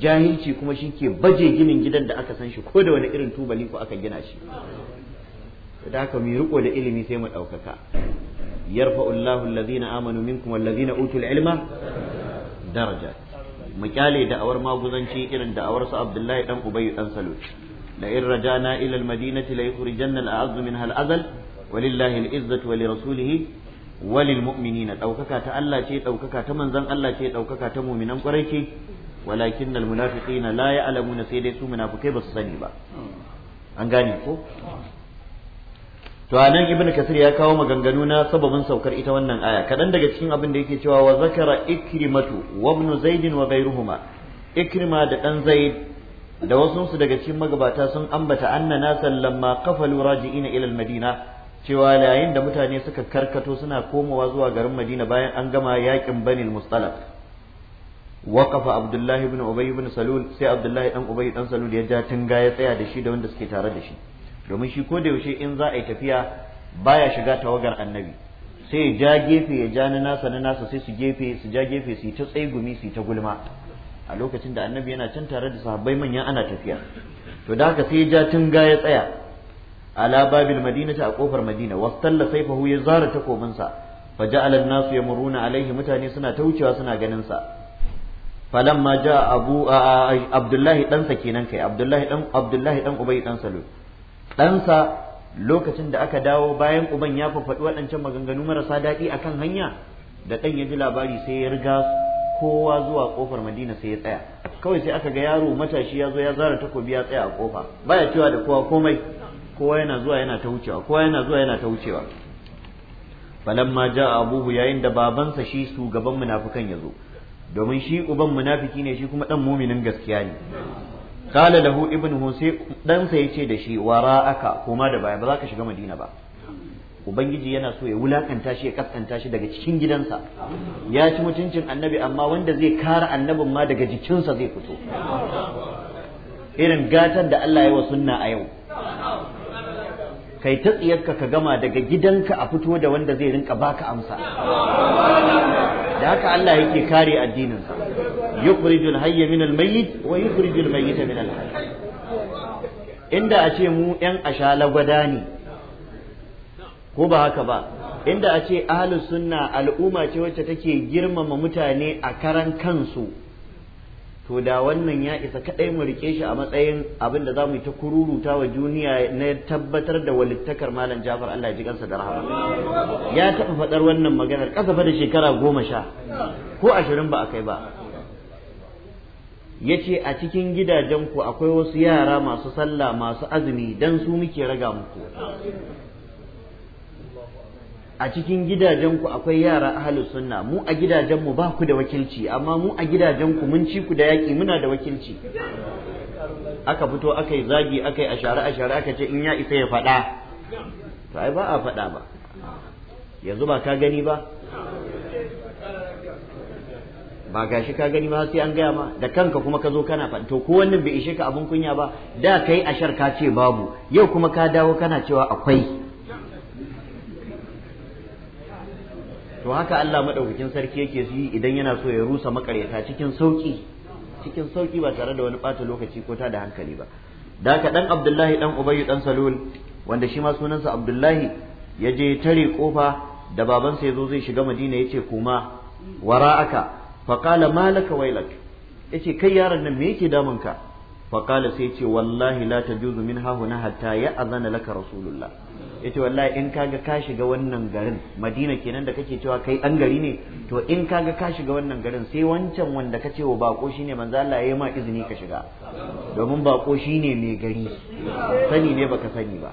jahilci kuma shi ke baje ginin gidan da aka san shi ko da wani irin tubali ko aka gina shi da haka mu riko da ilimi sai mu ɗaukaka yarfa'u Allahu allazina amanu minkum wallazina utul ilma daraja mu kyale da'awar maguzanci irin da'awar su Abdullahi dan Ubay dan Salul la in rajana ila al-madinati la yukhrijanna al-a'z minha al-azal walillahi al-izzatu wa li rasulihi wa lil mu'minina ɗaukaka ta Allah ce ɗaukaka ta manzon Allah ce ɗaukaka ta mu'minan kwarai ce walakin al-munafiqina la ya'lamuna sai dai su munafikai ba su sani ba an gane ko to anan ibnu kasir ya kawo maganganu na sababin saukar ita wannan aya kadan daga cikin abin da yake cewa wa zakara ikrimatu wa ibnu zaid wa ghayruhuma ikrima da dan zaid da wasu su daga cikin magabata sun ambata anna nasan lamma qafalu raji'ina ila almadina madina cewa yayin da mutane suka karkato suna komawa zuwa garin madina bayan an gama yakin bani mustalaq waqafa abdullahi ibn ubay ibn salul sai abdullahi dan ubay dan salul ya ja tinga ya tsaya da shi da wanda suke tare da shi domin shi ko da yaushe in za a yi tafiya baya shiga tawagar annabi sai ya ja gefe ya ja na nasa na nasa sai su gefe su ja gefe su yi ta tsegumi su yi ta gulma a lokacin da annabi yana can tare da sahabbai manyan ana tafiya to da haka sai ya ja ga ya tsaya ala babil madinati a kofar madina wastalla saifahu ya zara takobinsa fa ja'ala an-nasu yamuruna alaihi mutane suna ta wucewa suna ganin sa falamma ja abu abdullahi dan sa kenan kai abdullahi dan abdullahi dan ubay dan salul ɗansa lokacin da aka dawo bayan uban ya faɗi waɗancan maganganu marasa daɗi a kan hanya da ɗan ya ji labari sai ya riga kowa zuwa ƙofar madina sai ya tsaya kawai sai aka ga yaro matashi ya zo ya zara takobi ya tsaya a ƙofa baya cewa da kowa komai kowa yana zuwa yana ta wucewa kowa yana zuwa yana ta wucewa ma ja abubu yayin da babansa shi su gaban munafikan ya zo domin shi uban munafiki ne shi kuma ɗan muminin gaskiya ne kala lahu ibnuhu sai dan ya yace da shi ra'aka koma da baya ba za ka shiga madina ba ubangiji yana so ya wulakanta shi ya kaskanta shi daga cikin gidansa ya ci mutuncin annabi amma wanda zai kara annabin ma daga jikinsa zai fito irin gatar da Allah ya wa sunna a yau kai ta tsiyarka ka gama daga gidanka a fito da wanda zai rinka baka amsa da haka Allah yake kare addininsa yukhrijul hayya min al mayyit wa yukhrijul mayyita inda a ce mu yan ashala gwada ne ko ba haka ba inda a ce suna sunna al'umma ce wacce take girmama mutane a karan kansu to da wannan ya isa kaɗai mu rike shi a matsayin abin da mu yi ta kururuta wa duniya na tabbatar da walittakar malam Jafar Allah ji kansa da rahama ya taɓa faɗar wannan maganar ƙasa da shekara goma sha ko ashirin ba a kai ba yace a cikin gidajenku akwai wasu yara masu sallah masu azumi dan su muke raga muku a cikin gidajenku akwai yara ahlus sunna mu a gidajenmu ba ku da wakilci amma mu a gidajenku mun ci ku da yaƙi muna da wakilci aka fito aka yi zagi aka yi ashare ashare aka ce in ya isa ya faɗa to ba a faɗa ba yanzu ba ka gani ba ba gashi ka gani ba sai an gaya ma da kanka kuma ka zo kana faɗi to ko wannan bai ishe ka abin kunya ba da kai ashar ka ce babu yau kuma ka dawo kana cewa akwai to haka Allah madaukakin sarki yake yi idan yana so ya rusa makaryata cikin sauki cikin sauki ba tare da wani ɓata lokaci ko ta da hankali ba da ka dan Abdullahi dan Ubayyu dan Salul wanda shi ma sunansa Abdullahi ya je tare kofa da babansa ya zo zai shiga Madina ya ce kuma wara'aka faƙala malaka wailak yace kai yaron nan me yake damun ka faƙala sai ce wallahi la tajuzu min hahuna hatta ya azana laka rasulullah yace wallahi in kaga ka shiga wannan garin madina kenan da kake cewa kai ɗan gari ne to in kaga ka shiga wannan garin sai wancan wanda kace wa bako shine manzo Allah yi ma izini ka shiga domin bako shine mai gari sani ne baka sani ba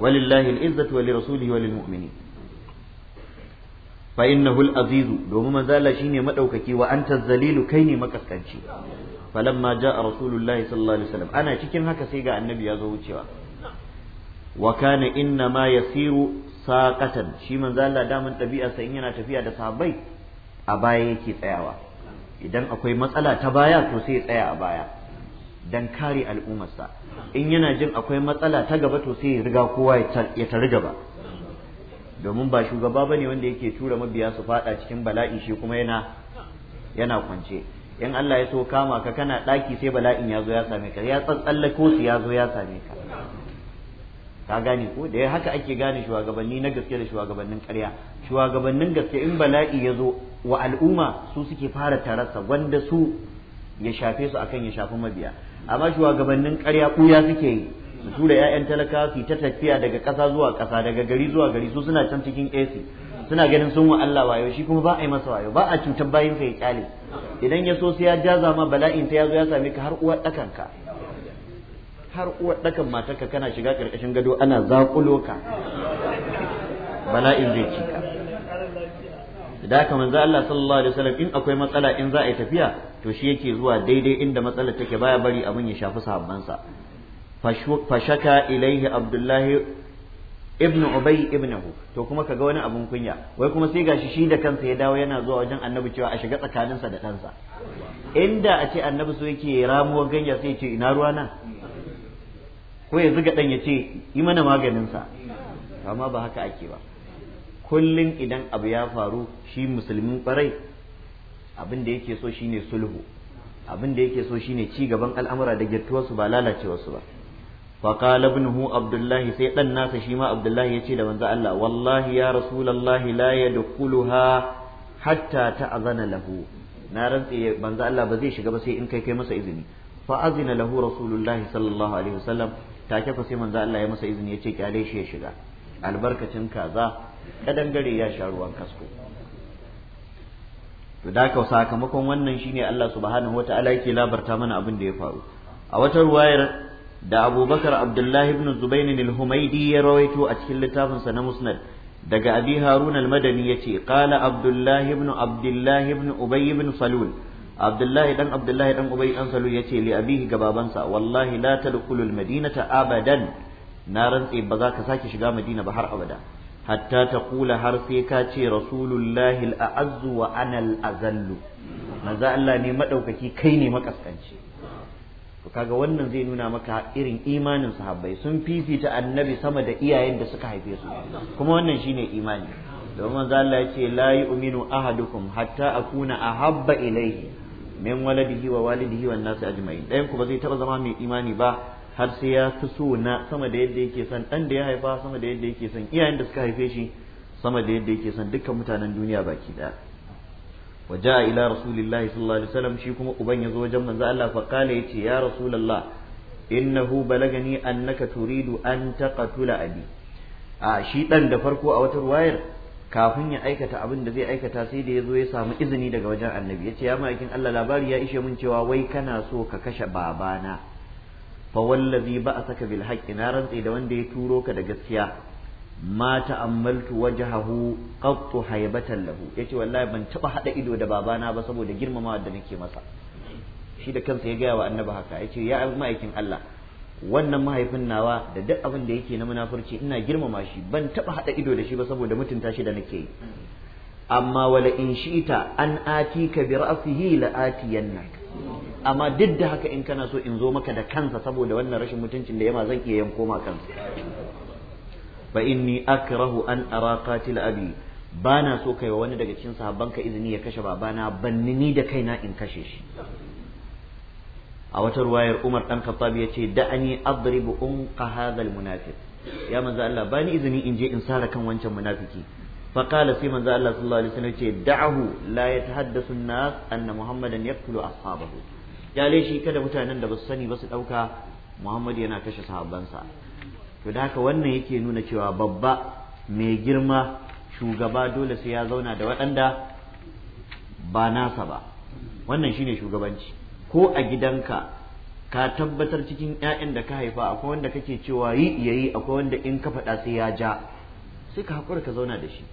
walillahi al-izzatu wa lirasulihi wa lilmu'minin fa innahul azizu domin manzo Allah shine madaukaki wa anta zalilu kai ne makaskanci falamma jaa rasulullahi sallallahu alaihi wasallam ana cikin haka sai ga annabi ya zo wucewa wa kana inna ma yasiru saqatan shi manzo Allah daman tabi'a sai yana tafiya da sahabbai a baya yake tsayawa idan akwai matsala ta baya to sai ya tsaya a baya dan kare al'ummarsa in yana jin akwai matsala ta gaba to sai ya riga kowa ya ta riga ba domin ba shugaba ba ne wanda yake tura mabiya su fada cikin bala'i shi kuma yana yana kwance in Allah ya so kama ka kana ɗaki sai bala'in ya zo ya same ka ya tsatsallako su ya zo ya same ka ka gane ko da haka ake gane shugabanni na gaske da shugabannin ƙarya shugabannin gaske in bala'i ya zo wa al'umma su suke fara tararsa wanda su ya shafe su akan ya shafi mabiya amma shugabannin ƙarya ɓuya suke yi su tura 'ya'yan talakawa su ta tafiya daga ƙasa zuwa ƙasa daga gari zuwa gari su suna can cikin AC suna ganin sun wa Allah wayo shi kuma ba a yi masa wayo ba a cutar bayan sa ya kyale idan ya so sai ya jaza ma bala'in ta yazo ya same ka har uwar dakan ka har uwar matarka kana shiga karkashin gado ana zaƙulo ka bala'in zai cika. ka da haka manzo Allah sallallahu alaihi wasallam in akwai matsala in za a yi tafiya to shi yake zuwa daidai inda matsalar take baya bari abin ya shafi sahabbansa fashaka ilaihi abdullahi ibnu ubay ibnahu to kuma kaga wani abin kunya wai kuma sai gashi shi da kansa ya dawo yana zuwa wajen annabi cewa a shiga tsakaninsa da kansa. inda a ce annabi so yake ramuwar ganya sai ce ina ruwa na ko ya zuga ɗan ya yi mana maganinsa amma ba haka ake ba kullum idan abu ya faru shi musulmin kwarai abin da yake so shine sulhu abin da yake so shine ci gaban al'amura da girtuwarsu ba lalacewarsu ba فقال ابنه عبد الله سي nasa shi ma Abdullahi ce da manzo Allah wallahi ya rasulullahi la yadkhuluha hatta ta'zana lahu na rantsi manzo Allah ba zai shiga ba sai in kai kai masa izini fa azina lahu rasulullahi sallallahu alaihi wasallam take fa sai Allah ya masa izini yace kyale shi ya shiga albarkacin kaza kadangare ya sha ruwan kasko to da sakamakon wannan shine Allah subhanahu wataala yake labarta mana abin da ya faru a wata ruwayar da abubakar abdullahi ibn zubayn al-humaydi ya rawaito a cikin littafinsa na musnad daga abi harun al-madani yace qala abdullahi ibn abdullahi ibn ubay ibn salul abdullahi dan abdullahi dan ubay dan salul yace li abihi ga babansa wallahi la tadkhulul madinata abadan na rantse ba za ka sake shiga madina ba har abada hatta taqula har sai ka ce rasulullahi al-a'azzu wa ana al-azallu manzo Allah ne madaukaki kai ne makaskanci to kaga wannan zai nuna maka irin imanin sahabbai sun fifita annabi sama da iyayen da suka haife su kuma wannan shine imani domin manzo Allah ya ce la yu'minu ahadukum hatta akuna ahabba ilayhi min waladihi wa walidihi wan nasi ajma'in dan ku ba zai taba zama mai imani ba har sai ya fi so na sama da yadda yake son dan da ya haifa sama da yadda yake son iyayen da suka haife shi sama da yadda yake son dukkan mutanen duniya baki daya Waje a ila rasulillahi sallallahu alaihi wasallam shi kuma uban yazo wajen manzo Allah fa kale yace ya rasulullah innahu balagani annaka turidu an taqatula abi a shi dan da farko a wata ruwayar kafin ya aikata abin da zai aikata sai da ya zo ya samu izini daga wajen annabi yace ya ma'aikin Allah labari ya ishe mun cewa wai kana so ka kashe babana fa ba a saka haqqi na rantse da wanda ya turo ka da gaskiya ma ta'ammaltu wajhahu qattu haybatan lahu yace wallahi ban taba hada ido da babana ba saboda girmamawa da nake masa shi da kansa ya gaya wa annabi haka yace ya aikin Allah wannan mahaifin nawa da duk abin da yake na munafurci ina girmama shi ban taba hada ido da shi ba saboda mutunta shi da nake yi amma wala in shi'ita an ati ka bi ra'sihi la atiyannak amma duk da haka in kana so in zo maka da kansa saboda wannan rashin mutuncin da yama zan iya yanko ma kansa Ba inni akrahu an ara qatil abi bana so kaiwa wani daga cikin sahabbanka izini ya kashe babana banni ni da kaina in kashe shi a wata ruwayar Umar dan Khattab ya ce da'ani adribu unqa hadha almunafiq ya manzo Allah bani izini in je in sara kan wancan munafiki fa qala sai manzo Allah sallallahu alaihi wasallam ya ce da'ahu la yatahaddathu an-nas anna muhammadan yaqtulu ashabahu ya shi kada mutanen da basu sani ba su dauka Muhammad yana kashe sahabbansa to da haka wannan yake nuna cewa babba mai girma shugaba dole sai ya zauna da waɗanda ba nasa ba wannan shine shugabanci ko a gidanka ka tabbatar cikin 'ya'yan da ka haifa akwai wanda kake cewa yi iya yi akwai wanda in ka faɗa sai ya ja sai ka haƙura ka zauna da shi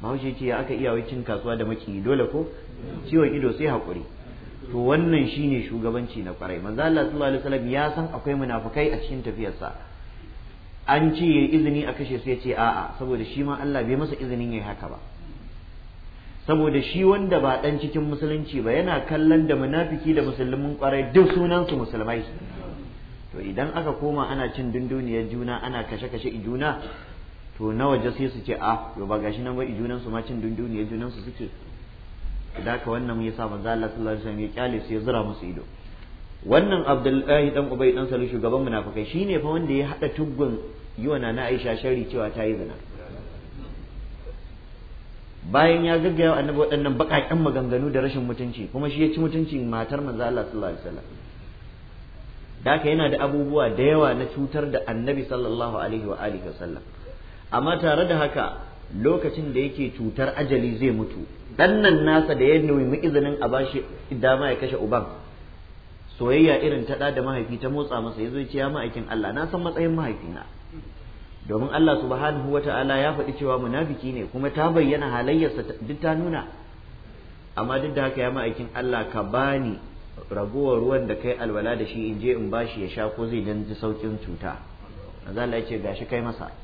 bahaushe ce ya aka iya cin kasuwa da maki dole ko ciwon ido sai haƙuri to wannan shine shugabanci na ƙwarai. manzo Allah sallallahu alaihi wasallam ya san akwai munafukai a cikin tafiyarsa an ce ya izini a kashe sai ce a'a saboda shi ma Allah bai masa izinin yayi haka ba saboda shi wanda ba dan cikin musulunci ba yana kallon da munafiki da musulmin kwarai duk sunansu musulmai to idan aka koma ana cin dunduniyar juna ana kashe-kashe juna to na waje sai su ce a ah, yo ba gashi nan ba junan su ma cin dunduniyar junan su suke da ka wannan yasa manzo Allah sallallahu alaihi wasallam ya kyale su ya zura musu ido wannan abdullahi dan ubay dan salu shugaban munafikai shine fa wanda ya hada tuggun yiwana na aisha shari cewa ta yi zina bayan ya gaggaya annabi waɗannan baƙaƙen maganganu da rashin mutunci kuma shi ya ci mutunci matar manzo Allah sallallahu alaihi wasallam da haka yana da abubuwa da yawa na cutar da annabi sallallahu alaihi wa alihi wasallam amma tare da haka lokacin da yake cutar ajali zai mutu dan nan nasa da ya nemi izinin a bashi dama ya kashe uban soyayya irin ta da mahaifi ta motsa masa ya zo ce ya ma'aikin Allah na san matsayin mahaifina domin Allah subhanahu wa ta'ala ya faɗi cewa munafiki ne kuma ta bayyana halayyarsa duk ta nuna amma duk da haka ya ma'aikin Allah ka bani ragowar ruwan da kai alwala da shi in je in bashi ya sha ko zai dan ji saukin cuta azza Allah ce gashi kai masa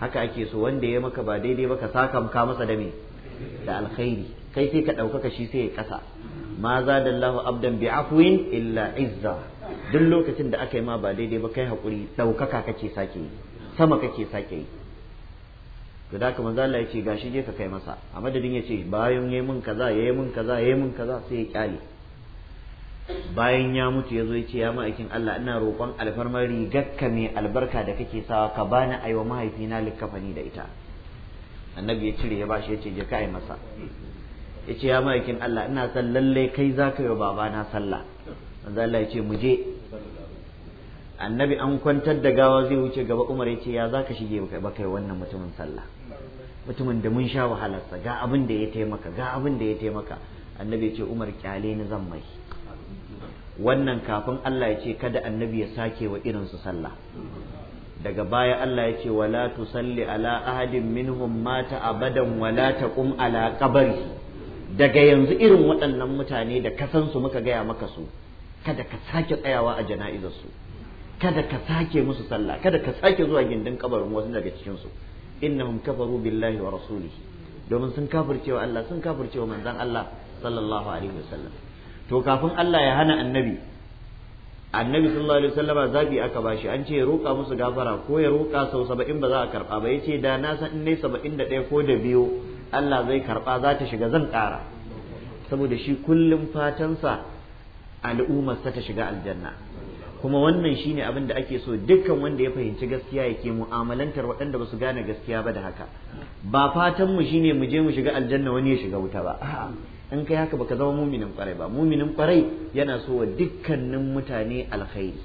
haka ake so wanda ya maka ba daidai ba ka saka ka masa da me da alkhairi kai sai ka ɗaukaka shi sai ya ƙasa ma Allah abdan bi afwin illa izza duk lokacin da aka yi ma ba daidai ba kai hakuri ɗaukaka kake sake yi sama kake sake yi to da kuma zalla ya ce gashi je ka kai masa a madadin ya ce bayan yayi mun kaza yayi mun kaza yayi mun kaza sai ya kyale bayan ya mutu ya zo ya ce ya ma'aikin Allah ina roƙon alfarmar rigarka mai albarka da kake sawa ka bani aiwa mahaifina likkafani da ita annabi ya cire ya bashi ya ce je ka yi masa ya ce ya ma'aikin Allah ina san lalle kai za ka yi babana sallah manzo Allah ya mu je annabi an kwantar da gawa zai wuce gaba Umar ya ce ya za ka shige ba kai wannan mutumin sallah mutumin da mun sha wahalarsa ga abin da ya taimaka ga abin da ya taimaka annabi ya ce Umar kyale ni zan mai wannan kafin Allah ya ce kada annabi ya sake wa irinsu sallah daga baya Allah ya ce wala tusalli ala ahadin minhum mata abadan wala taqum ala qabrihi daga yanzu irin waɗannan mutane da ka san su muka gaya maka su kada ka sake tsayawa a jana'izar su, kada ka sake musu sallah kada ka sake zuwa gindin kabarin wasu daga cikin su innahum kafaru billahi wa rasulihi domin sun kafircewa Allah sun kafircewa manzon Allah sallallahu alaihi wasallam to kafin Allah ya hana annabi annabi sallallahu alaihi wasallam zabi aka bashi an ce ya roƙa musu gafara ko ya roƙa sau saba'in ba za a karɓa ba yace da na san in ne saba'in da ɗaya ko da biyu Allah zai karɓa za ta shiga zan ƙara saboda shi kullum fatansa sa ta shiga aljanna kuma wannan shine abin da ake so dukkan wanda ya fahimci gaskiya ya ke mu'amalantar waɗanda ba su gane gaskiya ba da haka ba fatanmu shi shine mu je mu shiga aljanna wani ya shiga wuta ba in kai haka baka zama muminin kwarai ba muminin kwarai yana so wa dukkanin mutane alkhairi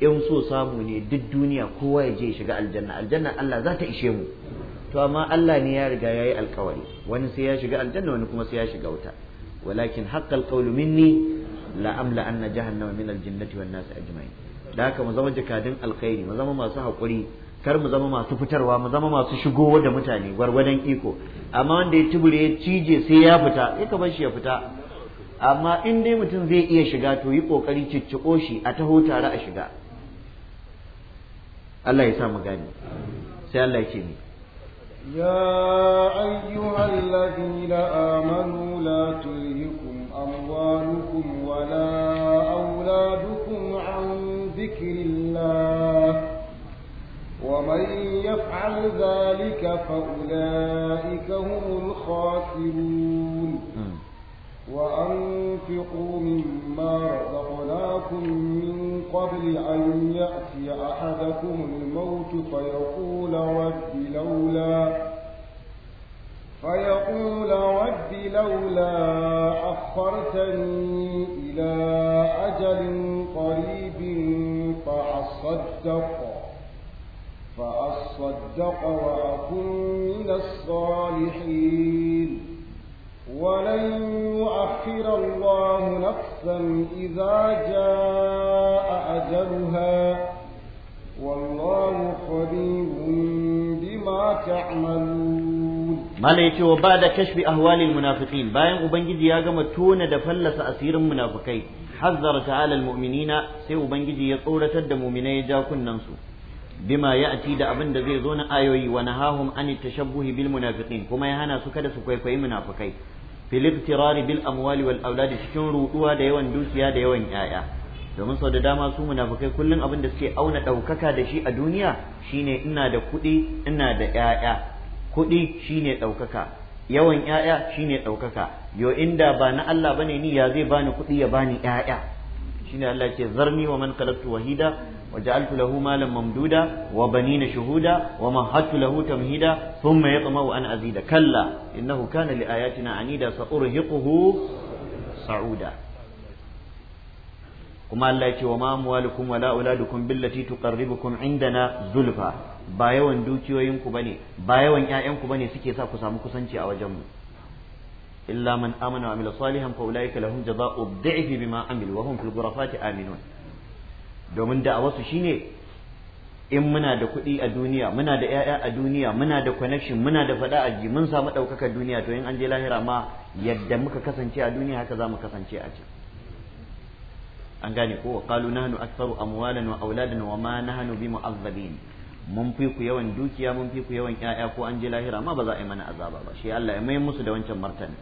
in so samu ne duk duniya kowa ya je ya shiga aljanna aljanna Allah za ta ishe mu to amma Allah ne ya riga ya yi alkawari wani sai ya shiga aljanna wani kuma sai ya shiga wuta walakin haqqal qawlu minni la amla anna jahannama min aljannati wan nas ajma'in da haka mu zama jakadin alkhairi mu zama masu hakuri kar mu zama masu fitarwa mu zama masu shigo da mutane gwargwadon iko amma wanda ya tubure ya cije sai ya fita ya kamar shi ya fita amma in dai mutum zai iya shiga to yi kokari cicciko shi a taho tare a shiga Allah ya sa mu gani sai Allah ya ce ni يا أيها الذين آمنوا لا تلهكم أموالكم ولا أولادكم عن ذكر الله ومن يفعل ذلك فأولئك هم الخاسرون وأنفقوا مما رزقناكم من قبل أن يأتي أحدكم الموت فيقول رب لولا فيقول رب لولا أخرتني إلى أجل قريب فأصدق فأصدق وأكن من الصالحين ولن يؤخر الله نفسا إذا جاء أجلها والله خبير بما تعملون mala yace wa ba da kashfi ahwalil munafiqin bayan ubangiji ya gama tona da fallasa asirin munafikai hazzara ta'ala almu'minina sai ubangiji ya tsoratar da mu'minai ya ja kunnan su da abin da zai zo na ayoyi wa nahahum an tashabbuhi bil munafiqin kuma ya hana su kada su kwaikwayi munafikai filip tirari bil amwali wal auladi cikin ruduwa da yawan dukiya da yawan yaya domin sau da dama su munafukai kullum abin da suke auna ɗaukaka da shi a duniya shine ina da kuɗi ina da yaya kuɗi shine ɗaukaka yawan yaya shine ɗaukaka yo inda ba na Allah bane ni ya zai bani kuɗi ya bani yaya shine Allah ke zarni wa man khalaqtu wahida wa ja'altu lahu malan mamduda wa banina shuhuda wa mahattu lahu tamhida thumma yatma'u an azida kalla innahu kana li ayatina anida sa urhiquhu sa'uda kuma Allah ce wa ma amwalukum wala auladukum billati tuqarribukum indana zulfa ba yawan dukiyoyinku bane ba yawan ƴaƴanku bane suke sa ku samu kusanci a wajenmu mu illa man amana wa amila salihan fa ulaika lahum jazaa'u dhi'fi bima amilu wa hum fil ghurafati aminun domin da a wasu shine in muna da kuɗi a duniya muna da 'ya'ya a duniya muna da connection muna da faɗa a ji mun samu ɗaukakar duniya to in an je lahira ma yadda muka kasance a duniya haka za mu kasance a ciki an gane ko wa qalu nahnu aktharu amwalan wa auladan wa ma nahnu bimu'azzabin mun fi ku yawan dukiya mun fi ku yawan 'ya'ya ko an je lahira ma ba za a yi mana azaba ba shi Allah ya mai musu da wancan martani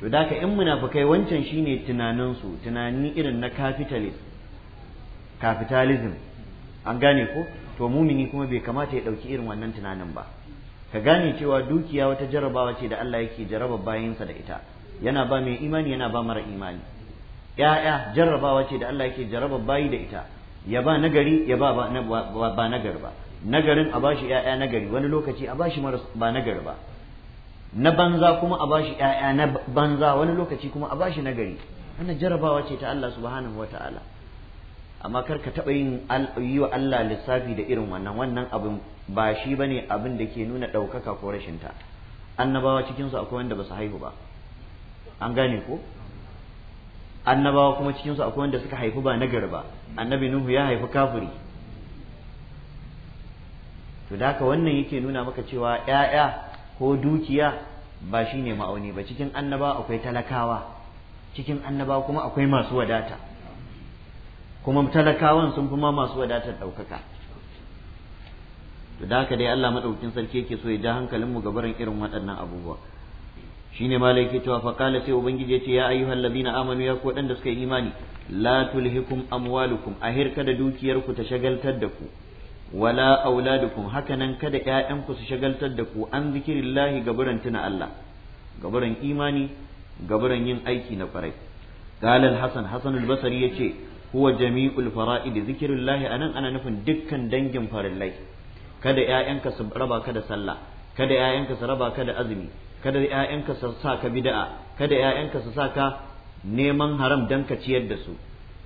to da in munafukai wancan shine tunaninsu tunani irin na capitalism an gane ko to mumini kuma bai kamata ya ɗauki irin wannan tunanin ba ka gane cewa dukiya wata jarabawa ce da Allah yake jaraba bayansa da ita yana ba mai imani yana ba mara imani ya'ya jarrabawa ce da Allah yake jaraba bayi da ita ya ba nagari ya ba ba nagari ba nagarin a bashi ya'ya nagari wani lokaci a bashi ba nagari ba na banza kuma a bashi ƴaƴa na banza wani lokaci kuma a bashi na gari wannan jarabawa ce ta Allah subhanahu ta'ala, amma kar ka taɓa yin yi wa Allah lissafi da irin wannan wannan abin ba shi bane abin da ke nuna ɗaukaka ko rashin ta annabawa cikinsu akwai wanda ba su haihu ba an gane ko annabawa kuma cikinsu akwai wanda suka haifi ba nagari ba annabi nuhu ya haifi kafiri to da haka wannan yake nuna maka cewa ƴaƴa ko dukiya ba shi ne ma'auni ba cikin annaba akwai talakawa cikin annaba kuma akwai masu wadata kuma talakawan sun fi ma masu wadatar ɗaukaka to da haka dai Allah maɗaukin sarki yake so ya ja hankalin mu ga barin irin waɗannan abubuwa shine malai to fa qala sai ubangiji yace ya ayyuhal ladina amanu ya ko dan da suka yi imani la tulhikum amwalukum ahir kada dukiyarku ta shagaltar da ku wala auladukum hakanan kada ƴaƴanku su shagaltar da ku an zikirillahi gaburan tuna Allah gaburan imani gaburan yin aiki na kwarai qala Hassan, hasan al-basri yace huwa jami'ul fara'id zikirillahi anan ana nufin dukkan dangin farillai kada ƴaƴanka su raba ka da sallah kada ƴaƴanka su raba ka da azumi kada ƴaƴanka su sa ka bid'a kada ƴaƴanka su sa ka neman haram dan ka ciyar da su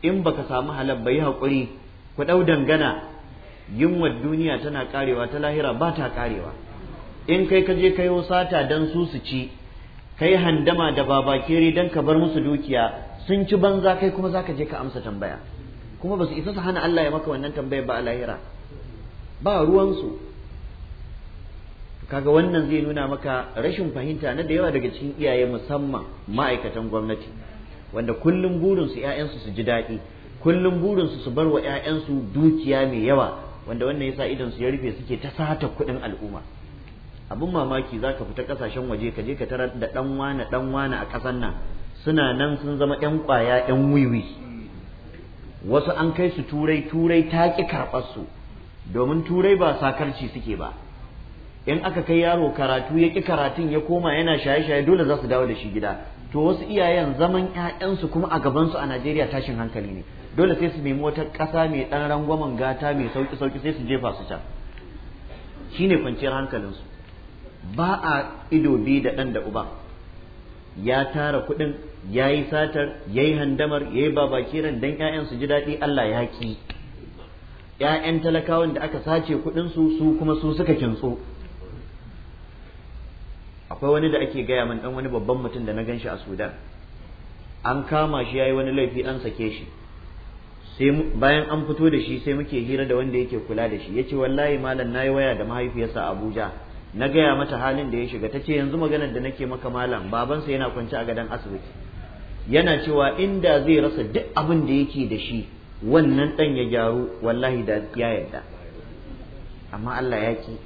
in baka samu halal bai haƙuri ku ɗau dangana yunwar duniya tana karewa ta lahira ba ta karewa in kai ka je kayo sata dan su su ci kai handama da baba kere dan ka bar musu dukiya sun ci banza kai kuma za ka je ka amsa tambaya kuma ba su isa su hana Allah ya maka wannan tambayar ba a lahira ba ruwansu kaga wannan zai nuna maka rashin fahimta na da yawa daga cikin iyaye musamman ma'aikatan gwamnati wanda kullum burinsu 'ya'yansu su ji daɗi kullum burinsu su bar wa 'ya'yansu dukiya mai yawa wanda wannan yasa idan su ya rufe suke ta sata kuɗin al'umma abin mamaki za ka fita kasashen waje ka je ka tarar da ɗan wane ɗan wane a ƙasan nan suna nan sun zama 'yan ƙwaya yan wiwi wasu an kai su turai turai ta ƙi karɓar su domin turai ba sakarci suke ba in aka kai yaro karatu ya ƙi karatun ya koma yana shaye-shaye dole za su dawo da shi gida to wasu iyayen zaman ƴaƴansu kuma a gabansu a Najeriya tashin hankali ne dole sai su nemi wata ƙasa mai ɗan rangwamen gata mai sauki sauki sai su jefa su can shine kwanciyar hankalinsu ba a ido bi da ɗan da uba ya tara kuɗin ya yi satar ya yi handamar ya yi babakiran don ƴaƴan su ji daɗi Allah ya ki ƴaƴan talakawan da aka sace kuɗinsu su kuma su suka kintso akwai wani da ake gaya min dan wani babban mutum da na ganshi a Sudan an kama shi yayi wani laifi an sake shi sai bayan an fito da shi sai muke hira da wanda yake kula da shi yace wallahi malam nayi waya da mahaifiyarsa Abuja na gaya mata halin da ya shiga ta ce yanzu maganar da nake maka malam babansa yana kwance a gadon asibiti yana cewa inda zai rasa duk abin da yake da shi wannan dan ya gyaru wallahi da ya yarda amma Allah ya ki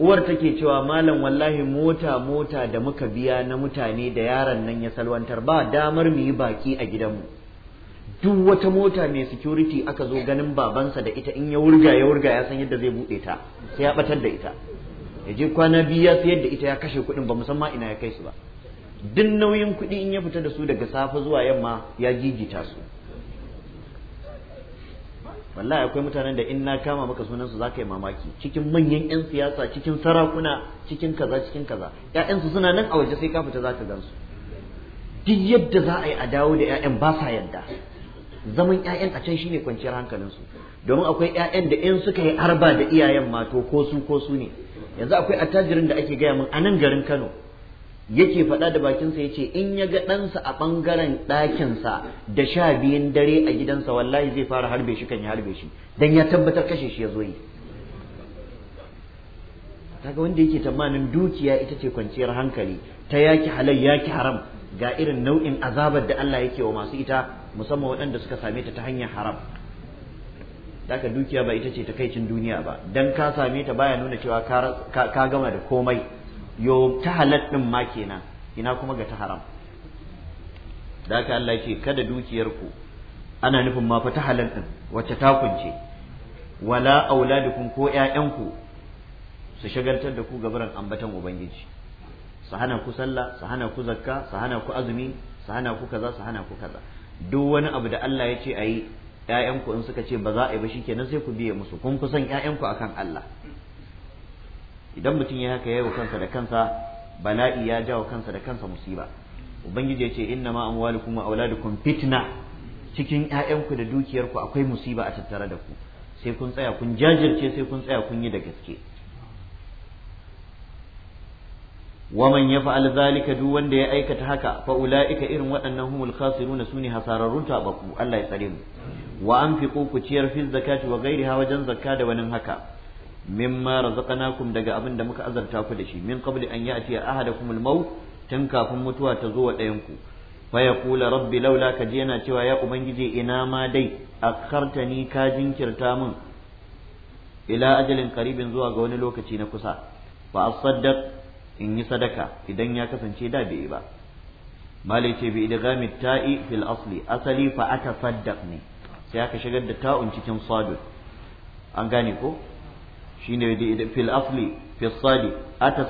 uwar take cewa malam wallahi mota mota da muka biya na mutane da yaron nan ya salwantar ba damar mu yi baki a gidanmu duk wata mota mai security aka zo ganin babansa da ita in ya wurga ya wurga ya san yadda zai buɗe ta sai ya batar da ita ya je kwana biyu ya sayar da ita ya kashe kuɗin ba musamman ina ya kai su ba duk nauyin kuɗi in ya fita da su daga safe zuwa yamma ya jijita su wallahi akwai mutanen da in na kama maka sunan su zaka yi mamaki cikin manyan yan siyasa cikin sarakuna cikin kaza cikin kaza ƴaƴan su suna nan a waje sai ka fita zaka gansu duk yadda za a yi a dawo da ƴaƴan ba sa yadda zaman ƴaƴan a can shine kwanciyar hankalin su domin akwai ƴaƴan da in suka yi arba da iyayen ma to ko su ko su ne yanzu akwai attajirin da ake gaya mun a nan garin Kano yake faɗa da bakinsa yace in ya ga ɗansa a ɓangaren ɗakinsa da sha biyun dare a gidansa wallahi zai fara harbe shi kan ya harbe shi dan ya tabbatar kashe shi ya zo yi kaga wanda yake tamanin dukiya ita ce kwanciyar hankali ta yaki halal yaki haram ga irin nau'in azabar da Allah yake wa masu ita musamman waɗanda suka same ta ta hanyar haram daga dukiya ba ita ce takaicin duniya ba dan ka same ta baya nuna cewa ka gama da komai yo ta halal din ma kenan ina kuma ga ta haram da haka Allah ce kada dukiyarku ana nufin ma fa ta halal din wacce ta kunce wala auladukum ko ƴaƴanku su shagaltar da ku ga gabaran ambatan ubangiji su hana ku sallah su ku zakka su ku azumi su ku kaza su ku kaza duk wani abu da Allah ya ce a yi ƴaƴanku in suka ce ba za a yi ba shikenan sai ku biye musu kun kusan ƴaƴanku akan Allah idan mutum ya haka yayi kansa da kansa bala'i ya jawo kansa da kansa musiba ubangiji ya ce inna ma amwalukum wa auladukum fitna cikin ƴaƴanku da dukiyarku akwai musiba a tattare da ku sai kun tsaya kun jajirce sai kun tsaya kun yi da gaske waman ya fa'al zalika duk wanda ya aikata haka fa ula'ika irin waɗannan humul khasiruna sune hasararrun tabaku Allah ya tsare mu wa anfiqu ku ciyar fil zakati wa ghairiha wajen zakka da wani haka min mimma razaqnakum daga abin da muka azarta ku da shi min qabli an ya'ti ahadakum al-maut tun kafin mutuwa ta zo wa ɗayan ku fa yaqula rabbi laula kaji yana cewa ya ubangiji ina ma dai akhartani ka jinkirta min ila ajalin qaribin zuwa ga wani lokaci na kusa fa asaddaq in yi sadaka idan ya kasance da bai ba malai ce bi idgami ta'i fil asli asali fa atasaddaq ne sai aka shigar da ta'un cikin sadu an gane ko shine fil asli fil sali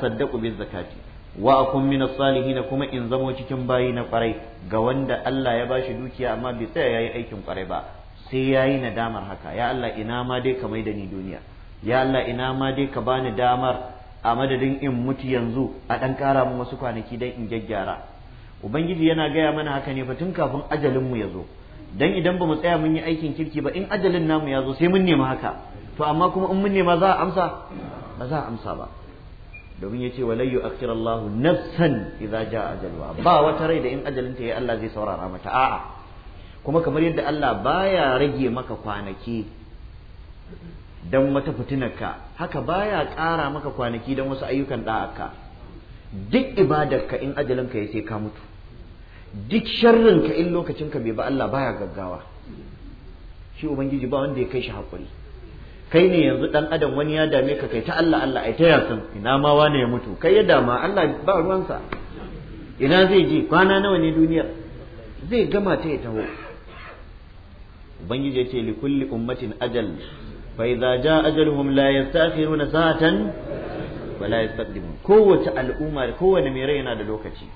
saddaku biz zakati wa akun Salihi salihin kuma in zamo cikin bayi na kwarai ga wanda Allah ya bashi dukiya amma bai tsaya yayi aikin kwarai ba sai yayi nadamar haka ya Allah ina ma dai ka mai da ni duniya ya Allah ina ma dai ka bani damar a madadin in mutu yanzu a ɗan kara min wasu kwanaki dan in gyaggyara ubangiji yana gaya mana haka ne fa tun kafin ajalin mu ya zo dan idan ba mu tsaya mun yi aikin kirki ba in ajalin namu ya zo sai mun nema haka to amma kuma in mun nema za a amsa ba za a amsa ba domin yace wala yu'akhir Allahu nafsan idza jaa ajalha ba wata rai da in ta yi Allah zai saurara mata a'a kuma kamar yadda Allah baya rage maka kwanaki dan wata fitinarka haka baya ƙara maka kwanaki dan wasu ayyukan da'aka duk ibadarka in ajalinka ya sai ka mutu duk sharrin ka in lokacin ka bai ba Allah baya gaggawa shi ubangiji ba wanda ya kai shi hakuri kai ne yanzu dan adam wani ya dame ka kai ta Allah Allah ai ta yasan ina ma wane ya mutu kai ya dama Allah ba ruwansa ina zai ji kwana nawa ne duniyar zai gama ta ya taho ubangiji ya ce li kulli ummatin ajal fa idza ja ajaluhum la yastakhiruna sa'atan wala yastaqdimun kowace al'umma kowane mai rai yana da lokaci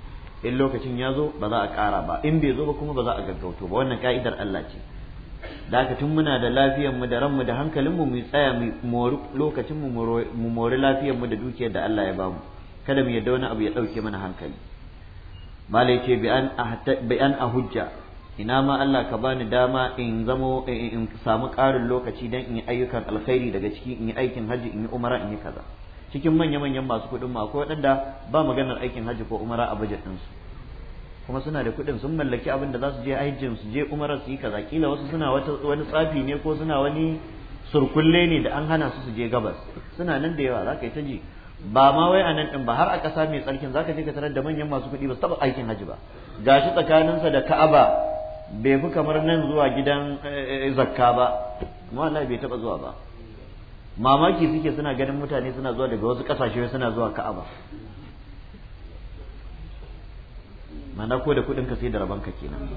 in lokacin ya zo ba za a ƙara ba in bai zo ba kuma ba za a gaggauto ba wannan ka'idar Allah ce da tun muna da lafiyar mu da ranmu da hankalin mu mu tsaya mu mori lokacin mu mu mori lafiyar mu da dukiyar da Allah ya ba mu kada mu yadda wani abu ya dauke mana hankali malai ce bi an bi an ina ma Allah ka bani dama in zamo in samu ƙarin lokaci dan in yi ayyukan alkhairi daga ciki in yi aikin hajji in yi umara in yi kaza cikin manya-manyan masu kuɗin ma akwai waɗanda ba maganar aikin hajji ko umara a bajet ɗinsu kuma suna da kuɗin sun mallaki abin da za su je hajjin su je umara su yi kaza kila wasu suna wani tsafi ne ko suna wani surkulle ne da an hana su su je gabas suna nan da yawa za ka yi ta ji ba ma wai a nan ɗin ba har a ƙasa mai tsarkin za ka je ka tarar da manyan masu kuɗi ba su taɓa aikin hajji ba gashi tsakaninsa da ka'aba bai fi kamar nan zuwa gidan eh, eh, zakka ba amma wallahi bai taɓa zuwa ba mamaki suke suna ganin mutane suna zuwa daga wasu kasashe suna zuwa ka'aba mana ko da kudin ka sai da rabanka kenan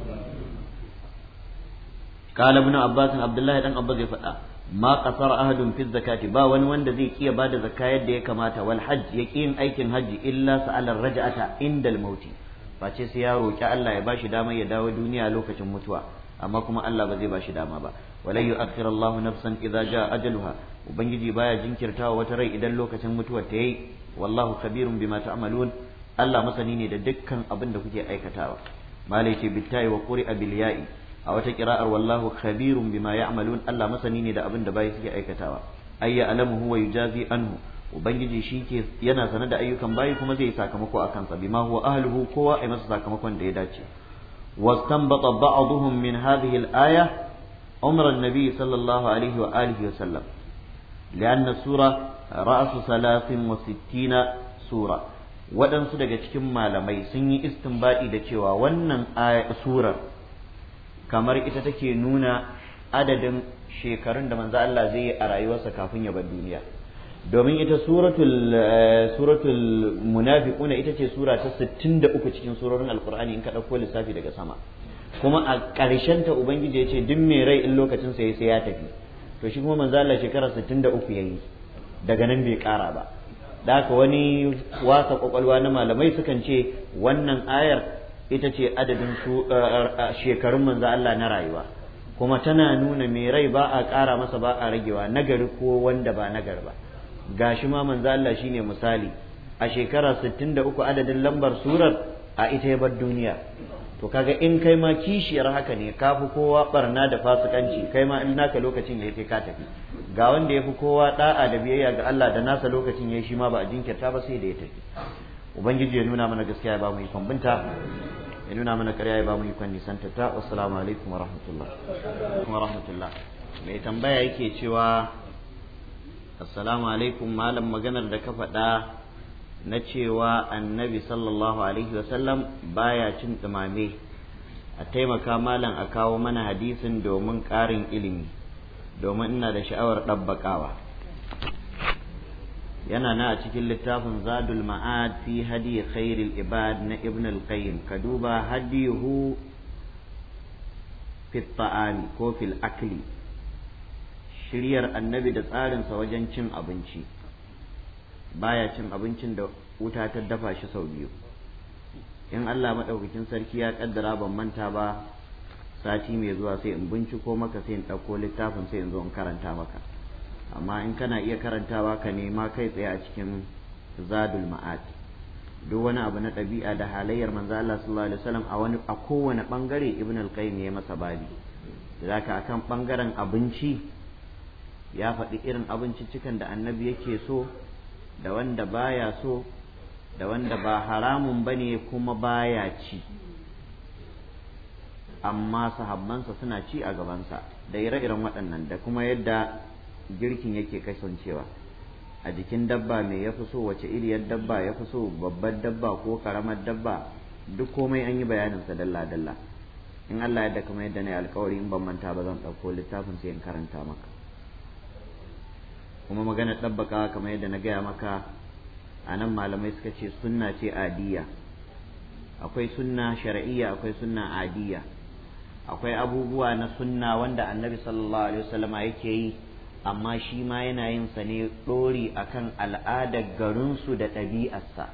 kala ibn abbas abdullahi dan abbas ya faɗa ma qasara ahadun fi zakati ba wani wanda zai kiya bada zakka yadda ya kamata wal hajj ki yin aikin hajji illa sa'ala raj'ata inda al mauti face sai ya roki Allah ya bashi dama ya dawo duniya lokacin mutuwa amma kuma Allah ba zai bashi dama ba walai yu'akhiru Allah nafsan idza jaa ajaluha ubangiji baya jinkirtawa wata rai idan lokacin mutuwar ta yi wallahu kabirun bima ta'malun Allah masani ne da dukkan abin da kuke aikatawa malai ce bittayi wa qur'a bil ya'i a wata qira'ar wallahu kabirun bima ya'malun Allah masani ne da abin da bai suke aikatawa ayya alamu huwa yujazi anhu ubangiji shi yana sane da ayyukan bayi kuma zai yi sakamako akan sa bima huwa ahluhu kowa ai masa sakamakon da ya dace واستنبط بعضهم من هذه الآية أمر sallallahu alaihi wa عليه wa sallam. لأن السورة رأس ثلاث وستين سورة waɗansu daga cikin malamai sun yi istinbaɗi da cewa wannan surar kamar ita take nuna adadin shekarun da manzo Allah zai yi a rayuwarsa kafin ya bar duniya domin ita suratul suratul munafiquna ita ce sura ta uku cikin surorin alqur'ani in ka ɗauko lissafi daga sama kuma a ƙarshen ta ubangiji ya ce duk mai rai in lokacin sa sai ya tafi to shi kuma manzo Allah shekara 63 yayi daga nan bai kara ba da haka wani wasa kwakwalwa na malamai sukan ce wannan ayar ita ce adadin eh, eh, shekarun manzo Allah na rayuwa kuma tana nuna mai rai ba a kara masa ba a ragewa nagari ko wanda ba nagar ba gashi ma manzo Allah shine misali a shekara 63 adadin lambar surar a ita ya bar duniya to kaga in kai ma kishiyar haka ne ka fi kowa barna da fasikanci kai ma in naka lokacin ya kai ka tafi ga wanda ya fi kowa da'a da biyayya ga Allah da nasa lokacin yi shi ma ba a jinkirta ba sai da ya tafi ubangiji ya nuna mana gaskiya ya ba mu ikon binta ya nuna mana ƙarya ya ba mu ikon nisanta ta wassalamu alaikum wa rahmatullah wa rahmatullah mai tambaya yake cewa assalamu alaikum malam maganar da ka faɗa na cewa annabi sallallahu alaihi wasallam baya cin ɗumame a taimaka malam a kawo mana hadisin domin ƙarin ilimi domin ina da sha'awar ɗabbakawa yana na a cikin littafin zadul ma'ad fi hadi khairil ibad na ibn al-qayyim ka duba hadihu fi ko fil akli shiryar annabi da tsarinsa wajen cin abinci baya cin abincin da wuta ta dafa shi sau biyu in Allah maɗaukakin sarki ya kaddara ban manta ba sati mai zuwa sai in binciko maka sai in ɗauko littafin sai in zo in karanta maka amma in kana iya karantawa ka nema kai tsaye a cikin zadul ma'ad duk wani abu na ɗabi'a da halayyar manzo Allah sallallahu alaihi wasallam a wani a kowane bangare ibn al-qayyim ya masa babi zaka akan bangaren abinci ya faɗi irin abinci cikin da annabi yake so da wanda baya so da wanda ba haramun bane kuma baya ci amma sahabbansa suna ci a gabansa da ire-iren waɗannan da kuma yadda girkin yake kasancewa a jikin dabba mai yafi so wace iriyar dabba yafi so babbar dabba ko karamar dabba duk komai an yi bayanin sa dalla-dalla in Allah ya da kuma yadda na yi alkawari in ban manta ba zan ɗauko littafin sai in karanta maka kuma magana ɗabbaka kamar yadda na gaya maka a nan malamai suka ce sunna ce adiya akwai sunna shar'iyya akwai sunna adiya akwai abubuwa na sunna wanda annabi sallallahu alaihi wasallam yake yi amma shi ma yana yin sa ne ɗori akan al'adar garinsu da ɗabi'arsa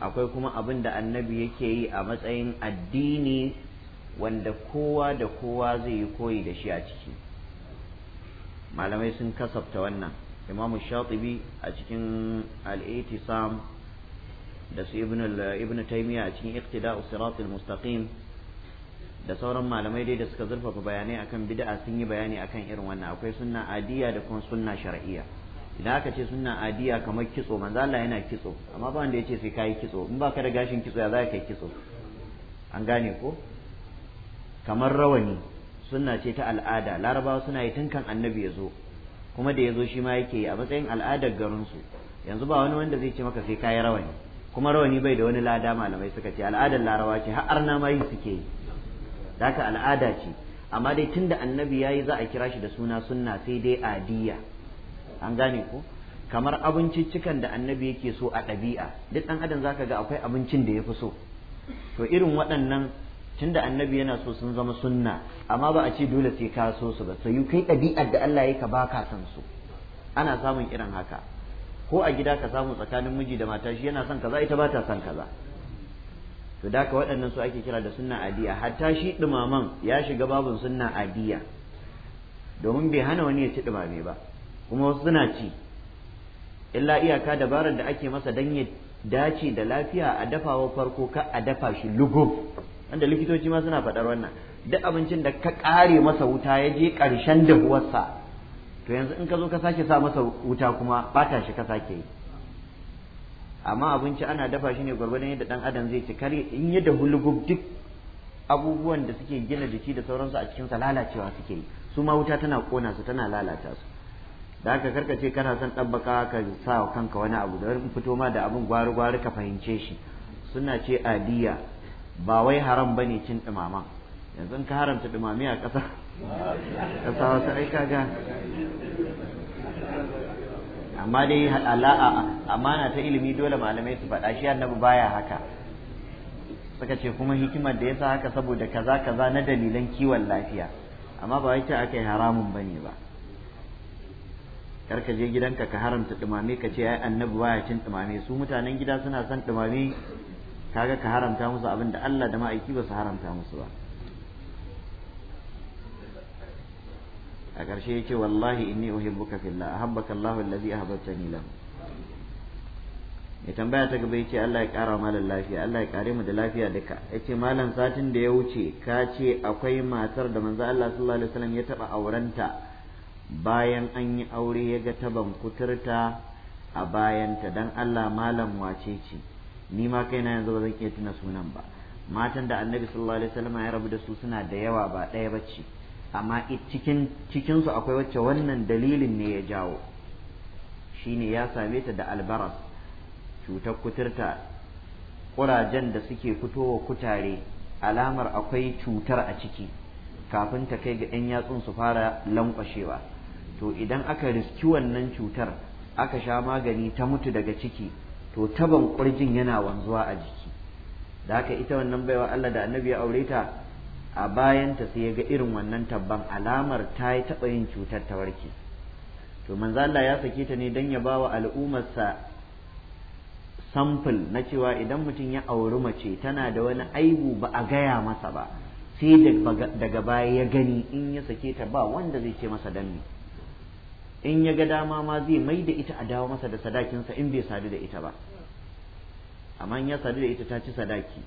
akwai kuma abin da annabi yake yi a matsayin addini wanda kowa da kowa zai yi koyi da shi a ciki malamai sun kasafta wannan imamu shatibi a cikin al-itisam da su ibn taimiyya a cikin iqtida'u siratul mustaqim da sauran malamai dai da suka zurfafa bayanai akan bid'a sun yi bayani akan irin wannan akwai sunna adiya da kuma sunna shar'iyya idan aka ce sunna adiya kamar kitso manzo Allah yana kitso amma ba wanda yace sai kai kitso in baka da gashin kitso ya za ka kitso an gane ko kamar rawani sunna ce ta al'ada larabawa suna yi tun kan annabi ya zo kuma da ya zo shi ma yake yi a matsayin al'adar garinsu yanzu ba wani wanda zai ce maka sai kayi rawani kuma rawani bai da wani lada malamai suka ce al'adar larabawa ce har arna ma yi suke yi haka al'ada ce amma dai tun da annabi ya yi za a kira shi da suna sunna sai dai adiya an gane ko kamar abinciccikan da annabi yake so a ɗabi'a duk ɗan adam zaka ga akwai abincin da ya fi so to irin waɗannan tunda annabi yana so sun zama sunna amma ba a ce dole sai ka so su ba sai kai ɗabi'ar da Allah ya ka baka san su ana samun irin haka ko a gida ka samu tsakanin miji da mata shi yana son kaza ita ba ta son kaza to da ka waɗannan su ake kira da sunna adiya hatta shi dumaman ya shiga babun sunna adiya domin bai hana wani ya ci ɗumame ba kuma wasu suna ci illa iyaka dabarar da ake masa dan ya dace da lafiya a dafawa farko ka a dafa shi lugub wanda likitoci ma suna faɗar wannan duk abincin da ka ƙare masa wuta ya je ƙarshen dahuwarsa to yanzu in ka zo ka sake sa masa wuta kuma ɓata shi ka sake yi amma abinci ana dafa shi ne gwargwadon yadda ɗan adam zai ci kare in yi da hulubub duk abubuwan da suke gina jiki da sauransu a cikinsa lalacewa suke yi su ma wuta tana ƙona su tana lalata su da haka karkace kana son ɗabbaka ka sa kanka wani abu da fito ma da abin gwari-gwari ka fahimce shi suna ce adiya ba wai haram ba ne cin ɗumama yanzu ka haramta ɗumame a ƙasa ƙasa wasu aika ga. amma dai ala'a amana ta ilimi dole malamai su faɗa shi annabi baya haka suka ce kuma hikimar da ya sa haka saboda kaza kaza na dalilan kiwon lafiya amma ba wai ce aka yi haramun bane ba karka je gidanka ka haramta dumame ka ce ai annabi baya cin dumame su mutanen gida suna son dumame kaga ka haramta musu abin da Allah da ma'aiki ba su haramta musu ba a ƙarshe yace wallahi inni uhibbuka fillah ahabbaka Allahu allazi ahbabtani lahu mai tambaya ta gaba yake Allah ya ƙara malam lafiya Allah ya ƙare mu da lafiya duka yace malam satin da ya wuce ka ce akwai matar da manzo Allah sallallahu alaihi wasallam ya taba aurenta bayan an yi aure ya ga taban kuturta a bayanta dan Allah malam wace ce ni ma kaina yanzu ba zan iya tuna sunan ba matan da annabi sallallahu alaihi wasallam ya rabu da su suna da yawa ba ɗaya bace amma cikin cikin su akwai wacce wannan dalilin ne ya jawo shine ya same ta da albaras cutar kuturta kurajen da suke fitowa kutare alamar akwai cutar a ciki kafin ta kai ga ɗan yatsun su fara lankwashewa to idan aka riski wannan cutar aka sha magani ta mutu daga ciki to taban ƙurjin yana wanzuwa a jiki da haka ita wannan baiwa Allah da annabi ya aure ta a bayanta sai ya ga irin wannan tabban alamar ta yi taɓa yin cutar ta warke to manzo Allah ya sake ta ne dan ya ba wa al'ummarsa samfil na cewa idan mutum ya auri mace tana da wani aibu ba a gaya masa ba sai daga baya ya gani in ya sake ta ba wanda zai ce masa danni in ya ga dama ma zai mai da ita a dawo masa da sadakinsa in bai sadu da ita ba amma in ya sadu da ita ta ci sadaki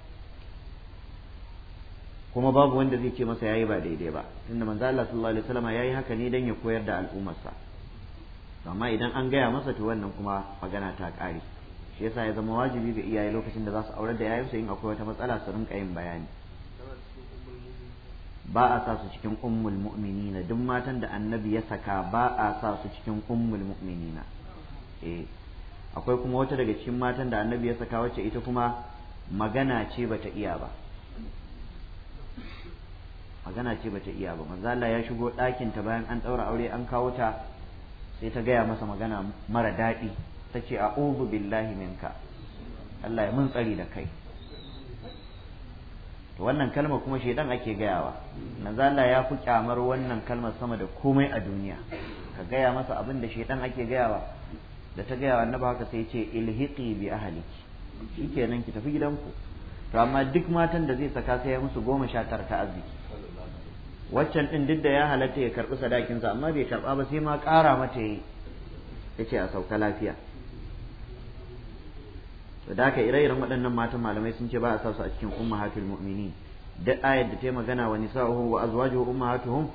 kuma babu wanda zai ce masa yayi ba daidai ba tunda manzo Allah sallallahu alaihi wasallam yayi haka ne dan ya koyar da al'ummarsa amma idan an gaya masa to wannan kuma magana ta kare shi yasa ya zama wajibi ga iyaye lokacin da za su aurar da yayansu in akwai wata matsala su rinka yin bayani ba a sa su cikin ummul mu'minina duk matan da annabi ya saka ba a sa su cikin ummul mu'minina eh akwai kuma wata daga cikin matan da annabi ya saka wacce ita kuma magana ce bata iya ba magana ce bata iya ba manzo Allah ya shigo ɗakin ta bayan an ɗaura aure an kawo ta sai ta gaya masa magana mara daɗi ta ce a'udhu billahi minka Allah ya mun tsari da kai to wannan kalma kuma shaidan ake gayawa nazala zala ya fi kyamar wannan kalmar sama da komai a duniya ka gaya masa abin da shaidan ake gayawa da ta na ba haka sai ce ilhiqi bi ahliki shikenan ki tafi gidanku to amma duk matan da zai saka sai ya musu goma sha tara ta arziki waccan din duk da ya halatta ya karbi sadakinsa amma bai karɓa ba sai ma ƙara mata yi yace a sauka lafiya to da haka ire-iren waɗannan matan malamai sun ce ba a sa a cikin ummahatul mu'minin duk ayat da ta magana wa nisa'uhu wa azwajuhu ummahatuhum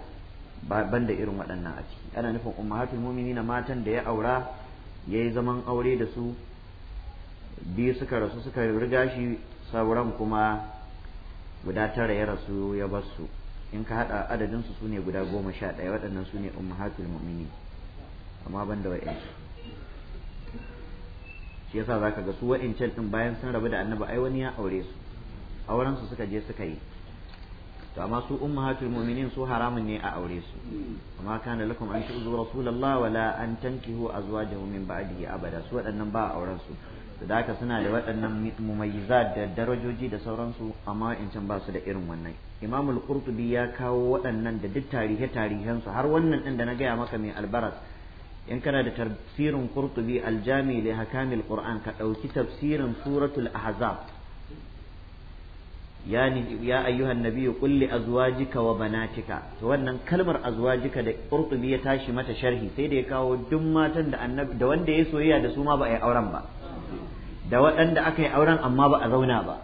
ba banda irin waɗannan a ciki ana nufin ummahatul mu'minin matan da ya aura yayi zaman aure da su biyu suka rasu suka riga shi sauran kuma guda tara ya rasu ya bar su in ka hada adadin su sune guda goma sha ɗaya waɗannan su ne ummahatul mu'minin amma ban da shi yasa zaka ga su wa'incan din bayan sun rabu da annabi ai wani ya aure su auren su suka je suka yi to amma su ummahatul mu'minin su haramun ne a aure su amma kana lakum an tu'zu rasulullah la an tankihu azwajahu min ba'dihi abada su waɗannan ba auren su da suna da waɗannan mumayyizat da darajoji da sauransu amma wa'incan ba su da irin wannan imamul qurtubi ya kawo waɗannan da duk tarihe tarihensu har wannan ɗin da na gaya maka mai albaras in kana da tafsirin qurtubi aljami li qur'an ka dauki tafsirin suratul ahzab yani ya ayyuhan nabiyyu qul li azwajika wa banatika to wannan kalmar azwajika da qurtubi ya tashi mata sharhi sai da ya kawo duk matan da annabi da wanda ya soyayya da su ma ba a yi auren ba da waɗanda aka yi auren amma ba a zauna ba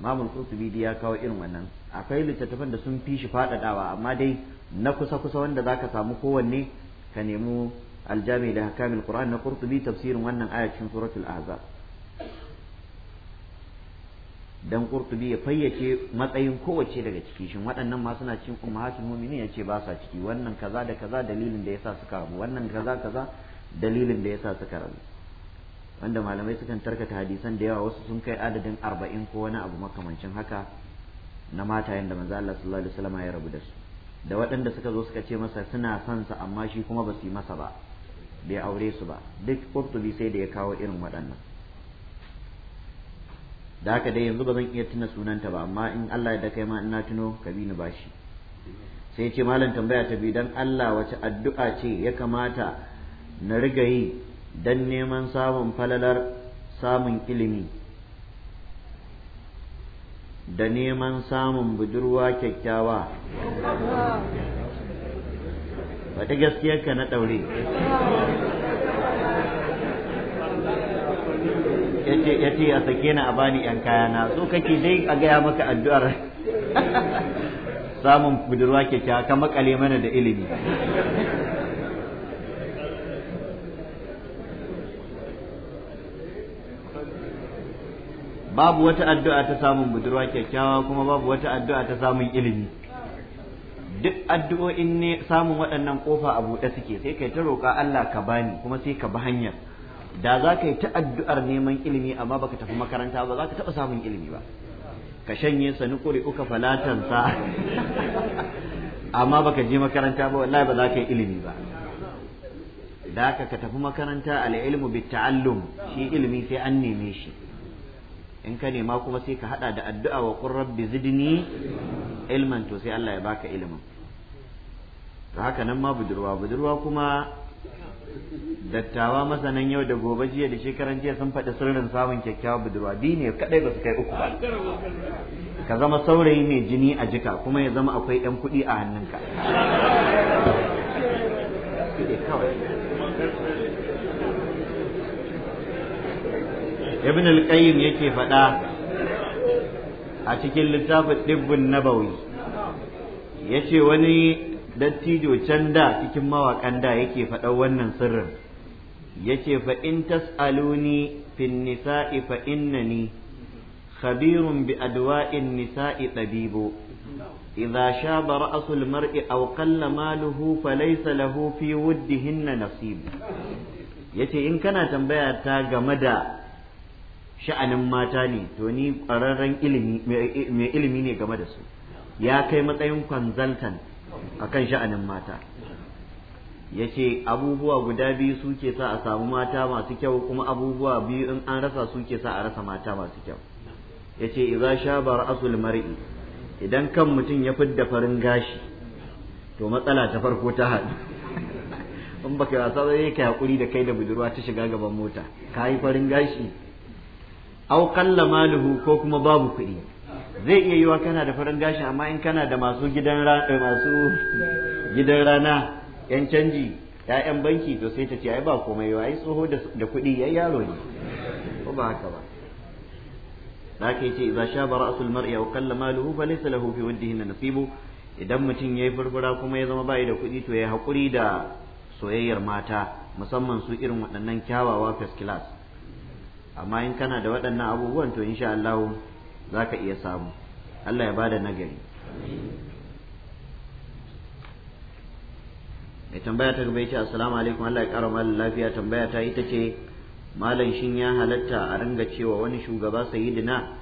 imamul qurtubi ya kawo irin wannan akwai littattafan da sun fi shi faɗaɗawa amma dai na kusa kusa wanda zaka samu kowanne ka nemo aljami da hakamin qur'an na qurtubi tafsirin wannan aya cikin suratul dan qurtubi ya fayyace matsayin kowace daga ciki shin waɗannan ma suna cikin ummatul mu'minin ce ba sa ciki wannan kaza da kaza dalilin da yasa suka rabu wannan kaza kaza dalilin da yasa suka rabu wanda malamai sukan tarkata hadisan da yawa wasu sun kai adadin arba'in ko wani abu makamancin haka na matayen da manzo Allah sallallahu alaihi wasallam ya rabu da su da waɗanda suka zo suka ce masa suna son sa amma shi kuma ba su yi masa ba bai aure su ba duk kurtubi sai da ya kawo irin waɗannan da haka dai yanzu ba zan iya tuna sunanta ba amma in Allah ya da kai ma ina tuno ka bi ni bashi sai ce malam tambaya ta bi dan Allah wace addu'a ce ya kamata na riga yi dan neman samun falalar samun ilimi da neman samun budurwa kyakkyawa wata gaskiyar ka na ɗaure. ya ce a sake ni a bani yan kaya na so kake dai a gaya maka addu'ar samun budurwa kyakkyawa ka makale mana da ilimi babu wata addu'a ta samun budurwa kyakkyawa kuma babu wata addu'a ta samun ilimi duk addu'o'in ne samun waɗannan kofa a buɗe suke sai kai ta roƙa Allah ka bani kuma sai ka bi hanyar da za ka yi ta addu'ar neman ilimi amma baka tafi makaranta ba za ka taɓa samun ilimi ba ka shanye sa uka falatansa amma baka je makaranta ba wallahi ba za ka yi ilimi ba da ka tafi makaranta al-ilmu bit ta'allum shi ilimi sai an neme shi in ka nema kuma sai ka hada da addu'a wa qur rabbi zidni ilman to sai Allah ya baka ilimin to haka nan ma budurwa budurwa kuma dattawa masanan yau da gobe jiya da shekaran jiya sun faɗi sirrin samun kyakkyawa budurwa dine ne kadai ba su kai uku ba ka zama saurayi mai jini a jika kuma ya zama akwai yan kuɗi a hannunka kawai ibn al-qayyim yake faɗa a cikin littafin dibbin nabawi yace wani dattijo can da cikin mawaƙan da yake faɗa wannan sirrin yace fa in tas'aluni fin nisa'i fa innani khabirun bi adwa'in nisa'i tabibu إذا شاب رأس المرء أو قل ماله فليس له في ودهن نصيب yace in kana tambaya ta game da sha'anin mata ne to ni ƙwararren ilimi mai ilimi ne game da su ya kai matsayin kwanzaltan a kan sha'anin mata ya ce abubuwa guda biyu suke sa a samu mata masu kyau kuma abubuwa biyu in an rasa suke sa a rasa mata masu kyau ya ce iza shabar asul mar'i idan kan mutum ya fidda farin gashi to matsala ta farko ta haɗu in baka wasa zai kai hakuri da kai da budurwa ta shiga gaban mota ka yi farin gashi au kalla maluhu ko kuma babu kuɗi zai iya yiwa kana da farin gashi amma in kana da masu gidan rana eh, masu gidan rana yan canji ƴaƴan banki to sai ta ce ai ba komai yiwa ai tsoho da kuɗi yayi yaro ne ko ba haka ba da ke ce idza shaba ra'sul mar'i aw kalla maluhu fa laysa lahu fi wajhihi nasibu idan mutum yayi furfura kuma ya zama bai da kuɗi to ya hakuri da soyayyar mata musamman su irin waɗannan kyawawa first class amma in kana da waɗannan abubuwan to insha Allah za ka iya samu Allah ya bada nagari mai tambaya ta gaba ya ce assalamu alaikum Allah ya ƙara malin lafiya tambaya ta ita ce malam shin ya halatta a ringa cewa wani shugaba sayidina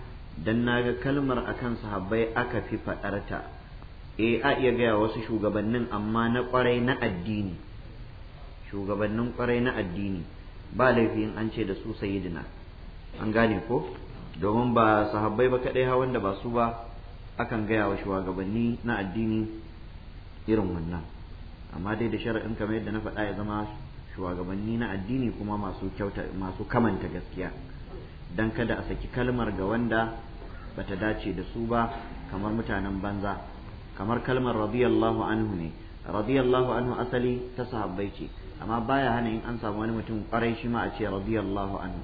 dan naga kalmar a akan sahabbai aka fi faɗarta E, a iya gaya wasu shugabannin amma na ƙwarai na addini shugabannin kwarai na addini ba laifin an ce da su sayidina an gane ko domin ba sahabbai ba kadai ha wanda ba su ba akan gaya wa shugabanni na addini irin wannan amma dai da shari'in kamar yadda na faɗa ya zama shugabanni na addini kuma masu kyauta masu kamanta gaskiya dan kada a saki kalmar ga wanda bata dace da su ba kamar mutanen banza kamar kalmar radiyallahu anhu ne radiyallahu anhu asali ta sahabbai ce amma baya hana in an samu wani mutum kwarai shi ma a ce radiyallahu anhu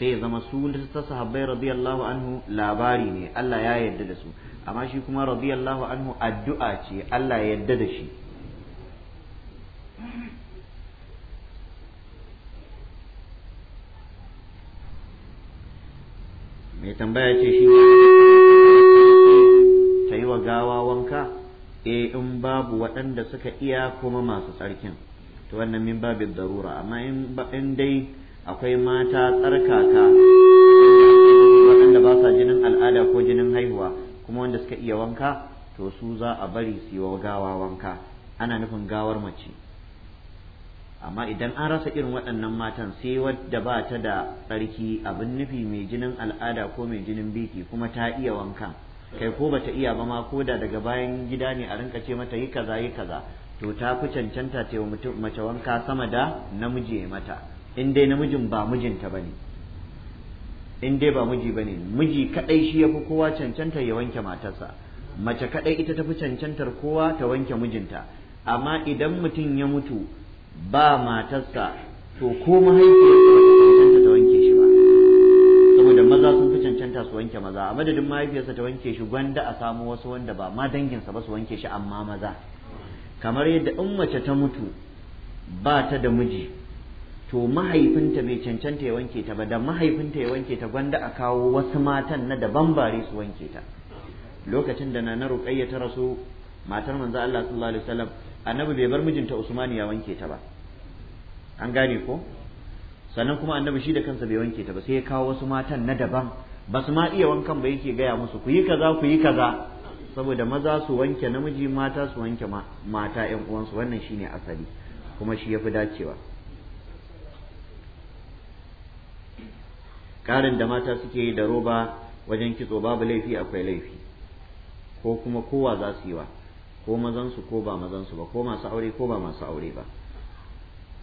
sai ya zama su ta sahabbai radiyallahu anhu labari ne Allah ya yarda da su amma shi kuma radiyallahu anhu addu'a ce Allah ya yarda da shi mai tambaya ce shi ta yi wa gawa wanka e in babu waɗanda suka iya kuma masu tsarkin to wannan min babin darura amma in dai akwai mata tsarkaka waɗanda ba sa jinin al'ada ko jinin haihuwa kuma wanda suka iya wanka to su za a bari su yi gawa wanka ana nufin gawar mace amma idan an rasa irin waɗannan matan sai wadda ba ta da tsarki abin nufi mai jinin al'ada ko mai jinin biki kuma ta iya wanka kai ko bata iya ba ma ko da daga bayan gida ne a rinka ce mata yi kaza yi kaza to ta fi cancanta ce wa mace wanka sama da namiji mata in dai namijin ba mijinta ba ne in dai ba miji ba ne miji kaɗai shi ya fi kowa cancantar ya wanke matarsa mace kaɗai ita fi cancantar kowa ta wanke mijinta amma idan mutum ya mutu ba matarsa to ko mahaifiyarsa ba ta ta wanke shi ba saboda maza sun fi cancanta su wanke maza a madadin mahaifiyarsa ta wanke shi gwanda a samu wasu wanda ba ma danginsa ba su wanke shi amma maza kamar yadda in mace ta mutu ba ta da miji to mahaifinta bai cancanta ya wanke ta ba da mahaifinta ya wanke ta gwanda a kawo wasu matan na daban bare su wanke ta lokacin da na ruqayya ta rasu matar manzo Allah sallallahu alaihi wasallam annabi bai bar mijinta Usman ya wanke ta ba an gane ko sannan kuma annabi shi da kansa bai wanke ta ba sai ya kawo wasu matan na daban ba su ma iya wankan ba yake gaya musu ku yi kaza ku yi kaza saboda maza su wanke namiji mata su wanke mata ƴan uwansu wannan shine asali kuma shi yafi dacewa Karin da mata suke yi da roba wajen kitso babu laifi akwai laifi ko kuma kowa za su yi wa ko mazansu ko ba mazansu ba ko masu aure ko ba masu aure ba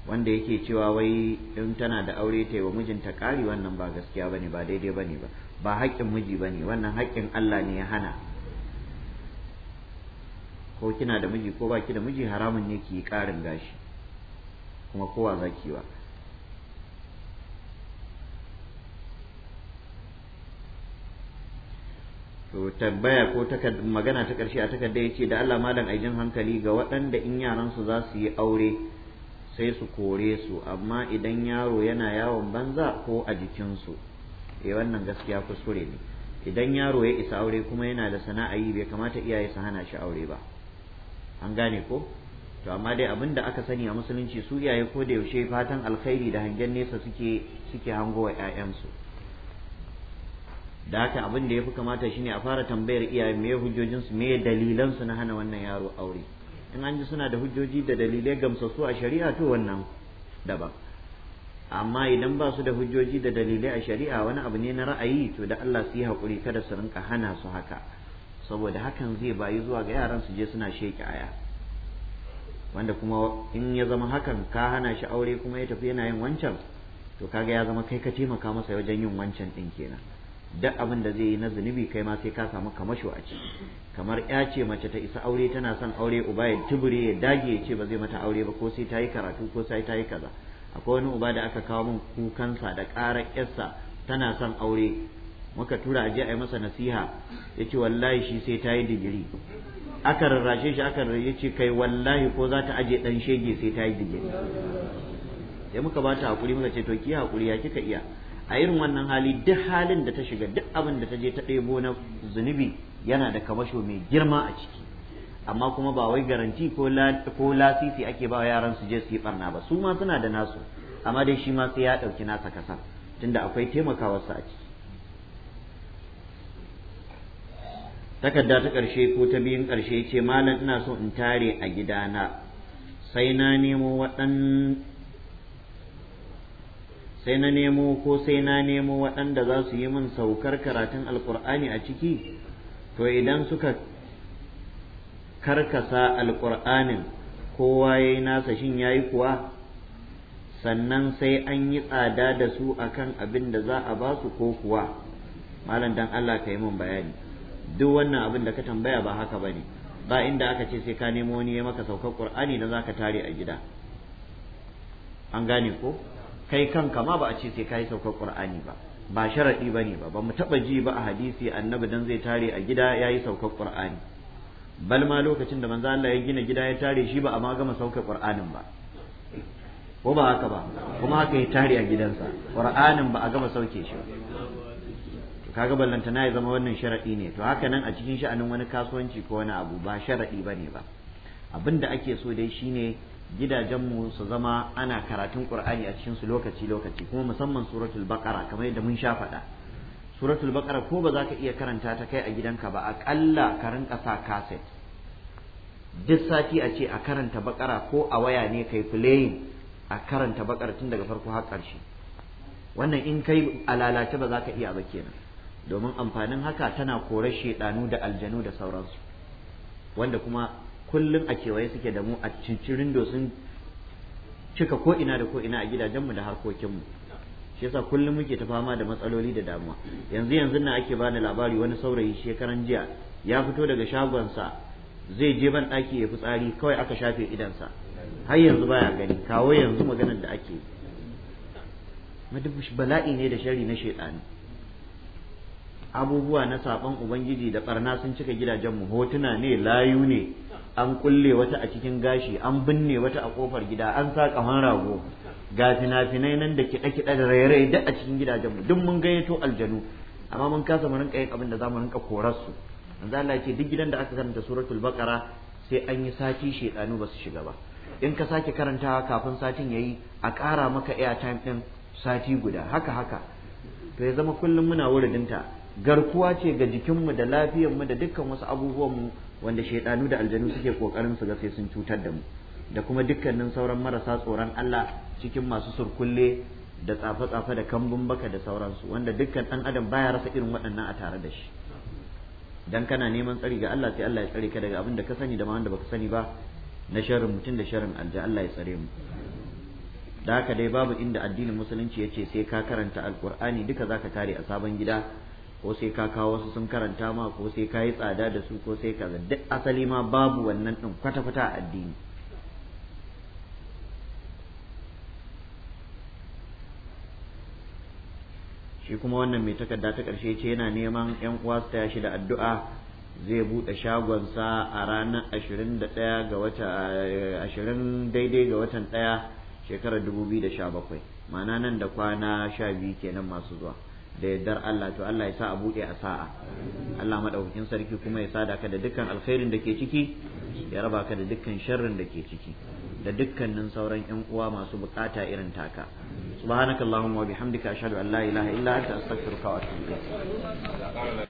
wanda yake cewa wai in tana da aure ta yi wa mijinta ƙari wannan ba gaskiya ba ne ba daidai ba ne ba ba haƙƙin miji ba ne wannan haƙƙin Allah ne ya hana ko kina da miji ko ba ki da miji haramun ne ki yi ƙarin gashi kuma kowa za ki yi wa to tabbaya ko magana ta ƙarshe a takarda ya ce da Allah malam aijin hankali ga waɗanda in yaransu za su yi aure sai su kore su amma idan yaro yana yawon banza ko a jikinsu eh wannan gaskiya kuskure ne idan yaro ya isa aure kuma yana da sana'a yi bai kamata iyaye su hana shi aure ba an gane ko to amma dai abin da aka sani a musulunci su iyaye ko da yaushe fatan alkhairi da hangen nesa suke suke hango wa 'ya'yansu da haka abin da ya fi kamata shine a fara tambayar iyaye me hujjojinsu me dalilansu na hana wannan yaro aure in an ji suna da hujjoji da dalilai gamsassu a shari'a to wannan daban amma idan ba su da hujjoji da dalilai a shari'a wani abu ne na ra'ayi to da Allah su yi hakuri kada su rinka hana su haka saboda hakan zai bayi zuwa ga yaran su je suna sheki aya wanda kuma in ya zama hakan ka hana shi aure kuma ya tafi yana yin wancan to kaga ya zama kai ka taimaka masa wajen yin wancan din kenan duk abin da zai yi na zunubi kai ma sai ka samu kamasho a ciki kamar ya ce mace ta isa aure tana son aure uba ya tubure ya dage ya ce ba zai mata aure ba ko sai ta yi karatu ko sai ta yi kaza akwai wani uba da aka kawo min kukansa da ƙarar yarsa tana son aure muka tura aje a yi masa nasiha ya ce wallahi shi sai ta yi digiri aka rarrashe shi aka rarrashe ce kai wallahi ko za ta aje ɗan shege sai ta yi digiri sai muka ba ta haƙuri muka ce to ki haƙuri ya kika iya a irin wannan hali duk halin da ta shiga duk abin da ta je ta ɗebo na zunubi yana da kamasho mai girma a ciki amma kuma ba wai garanti ko lasisi ake ba yaran su je su yi barna ba su ma suna da nasu amma dai shi ma sai ya ɗauki nasa kasa tunda akwai taimakawarsa a ciki takarda ta ƙarshe ko ta biyun ƙarshe ce malam ina so in tare a gidana sai na nemo waɗan sai na nemo ko sai na nemo waɗanda za su yi min saukar karatun alƙur'ani a ciki to idan suka karkasa alƙur'anin kowa ya yi nasa shin ya yi kuwa sannan sai an yi tsada da su akan abin da za a ba su ko kuwa malam dan Allah ka yi min bayani duk wannan abin da ka tambaya ba haka ba ne ba inda aka ce sai ka nemo wani ya maka saukar ƙur'ani da ka tare a gida an gane ko kai kanka ma ba a ce sai kai saukar qur'ani ba ba sharadi bane ba ba mu taba ji ba a hadisi annabi dan zai tare a gida yayi saukar qur'ani bal ma lokacin da manzo Allah ya gina gida ya tare shi ba a ma gama saukar qur'anin ba ko ba haka ba kuma haka ya tare a gidansa qur'anin ba a gama sauke shi to kaga na ya zama wannan sharadi ne to haka nan a cikin sha'anin wani kasuwanci ko wani abu ba sharadi bane ba abinda ake so dai shine gidajenmu su zama ana karatun qur'ani a cikin su lokaci lokaci kuma musamman suratul baqara kamar yadda mun sha faɗa suratul baqara ko ba za ka iya karanta ta kai a gidanka ba aƙalla ka rinka sa kaset duk sati a ce a karanta baqara ko a waya ne kai playing a karanta baqara tun daga farko har ƙarshe wannan in kai a lalace ba za ka iya ba kenan domin amfanin haka tana kore shedanu da aljanu da sauransu wanda kuma kullum a kewaye suke da mu a cincirin sun cika ko ina da ko ina a gidajenmu da harkokinmu shi yasa kullum muke ta fama da matsaloli da damuwa yanzu yanzu na ake bani labari wani saurayi shekaran jiya ya fito daga shagonsa zai je ban ɗaki ya tsari kawai aka shafe idansa har yanzu baya gani kawo yanzu maganar da ake madubushi bala'i ne da shari na shaidani abubuwa na saban ubangiji da barna sun cika gidajenmu hotuna ne layu ne an kulle wata a cikin gashi an binne wata a kofar gida an sa kaman rago ga fina-finai nan da kiɗa-kiɗa da rairai raye duk a cikin gidajen mu duk mun gayyato aljanu amma mun kasa mu rinka yin abin da za mu rinka korar su manzo Allah ce duk gidan da aka karanta suratul baqara sai an yi sati shedanu ba su shiga ba in ka sake karantawa kafin satin yayi a ƙara maka airtime din sati guda haka haka to ya zama kullum muna wuridinta garkuwa ce ga jikinmu da lafiyarmu da dukkan wasu abubuwanmu wanda shaidanu da aljanu suke kokarin su ga sai sun cutar da mu da kuma dukkanin sauran marasa tsoron Allah cikin masu surkulle da tsafe-tsafe da kambun baka da sauransu wanda dukkan ɗan adam baya rasa irin waɗannan a tare da shi dan kana neman tsari ga Allah sai Allah ya tsare ka daga abin da ka sani da ma wanda baka sani ba na sharrin mutum da sharrin alja Allah ya tsare mu da haka dai babu inda addinin musulunci ya ce sai ka karanta alkur'ani duka zaka kare a sabon gida ko sai ka kawo wasu sun karanta ma ko sai ka yi tsada da su ko sai kaza duk asali ma babu wannan ɗin kwata-kwata a addini shi kuma wannan mai takarda ta karshe ce yana neman 'yan uwa su taya shi da addu'a zai buɗe shagonsa a ranar ashirin ga wata 20 eh, daidai ga watan ɗaya shekarar 2017 ma'ana nan da kwana 12 kenan masu zuwa da yardar Allah to Allah ya sa a buɗe a sa'a Allah madaukakin sarki kuma ya sada ka da dukkan alkhairin da ke ciki ya raba ka da dukkan sharrin da ke ciki da dukkanin sauran yan uwa masu bukata irin taka subhanakallahumma wa bihamdika ashhadu an la ilaha illa anta astaghfiruka wa atubu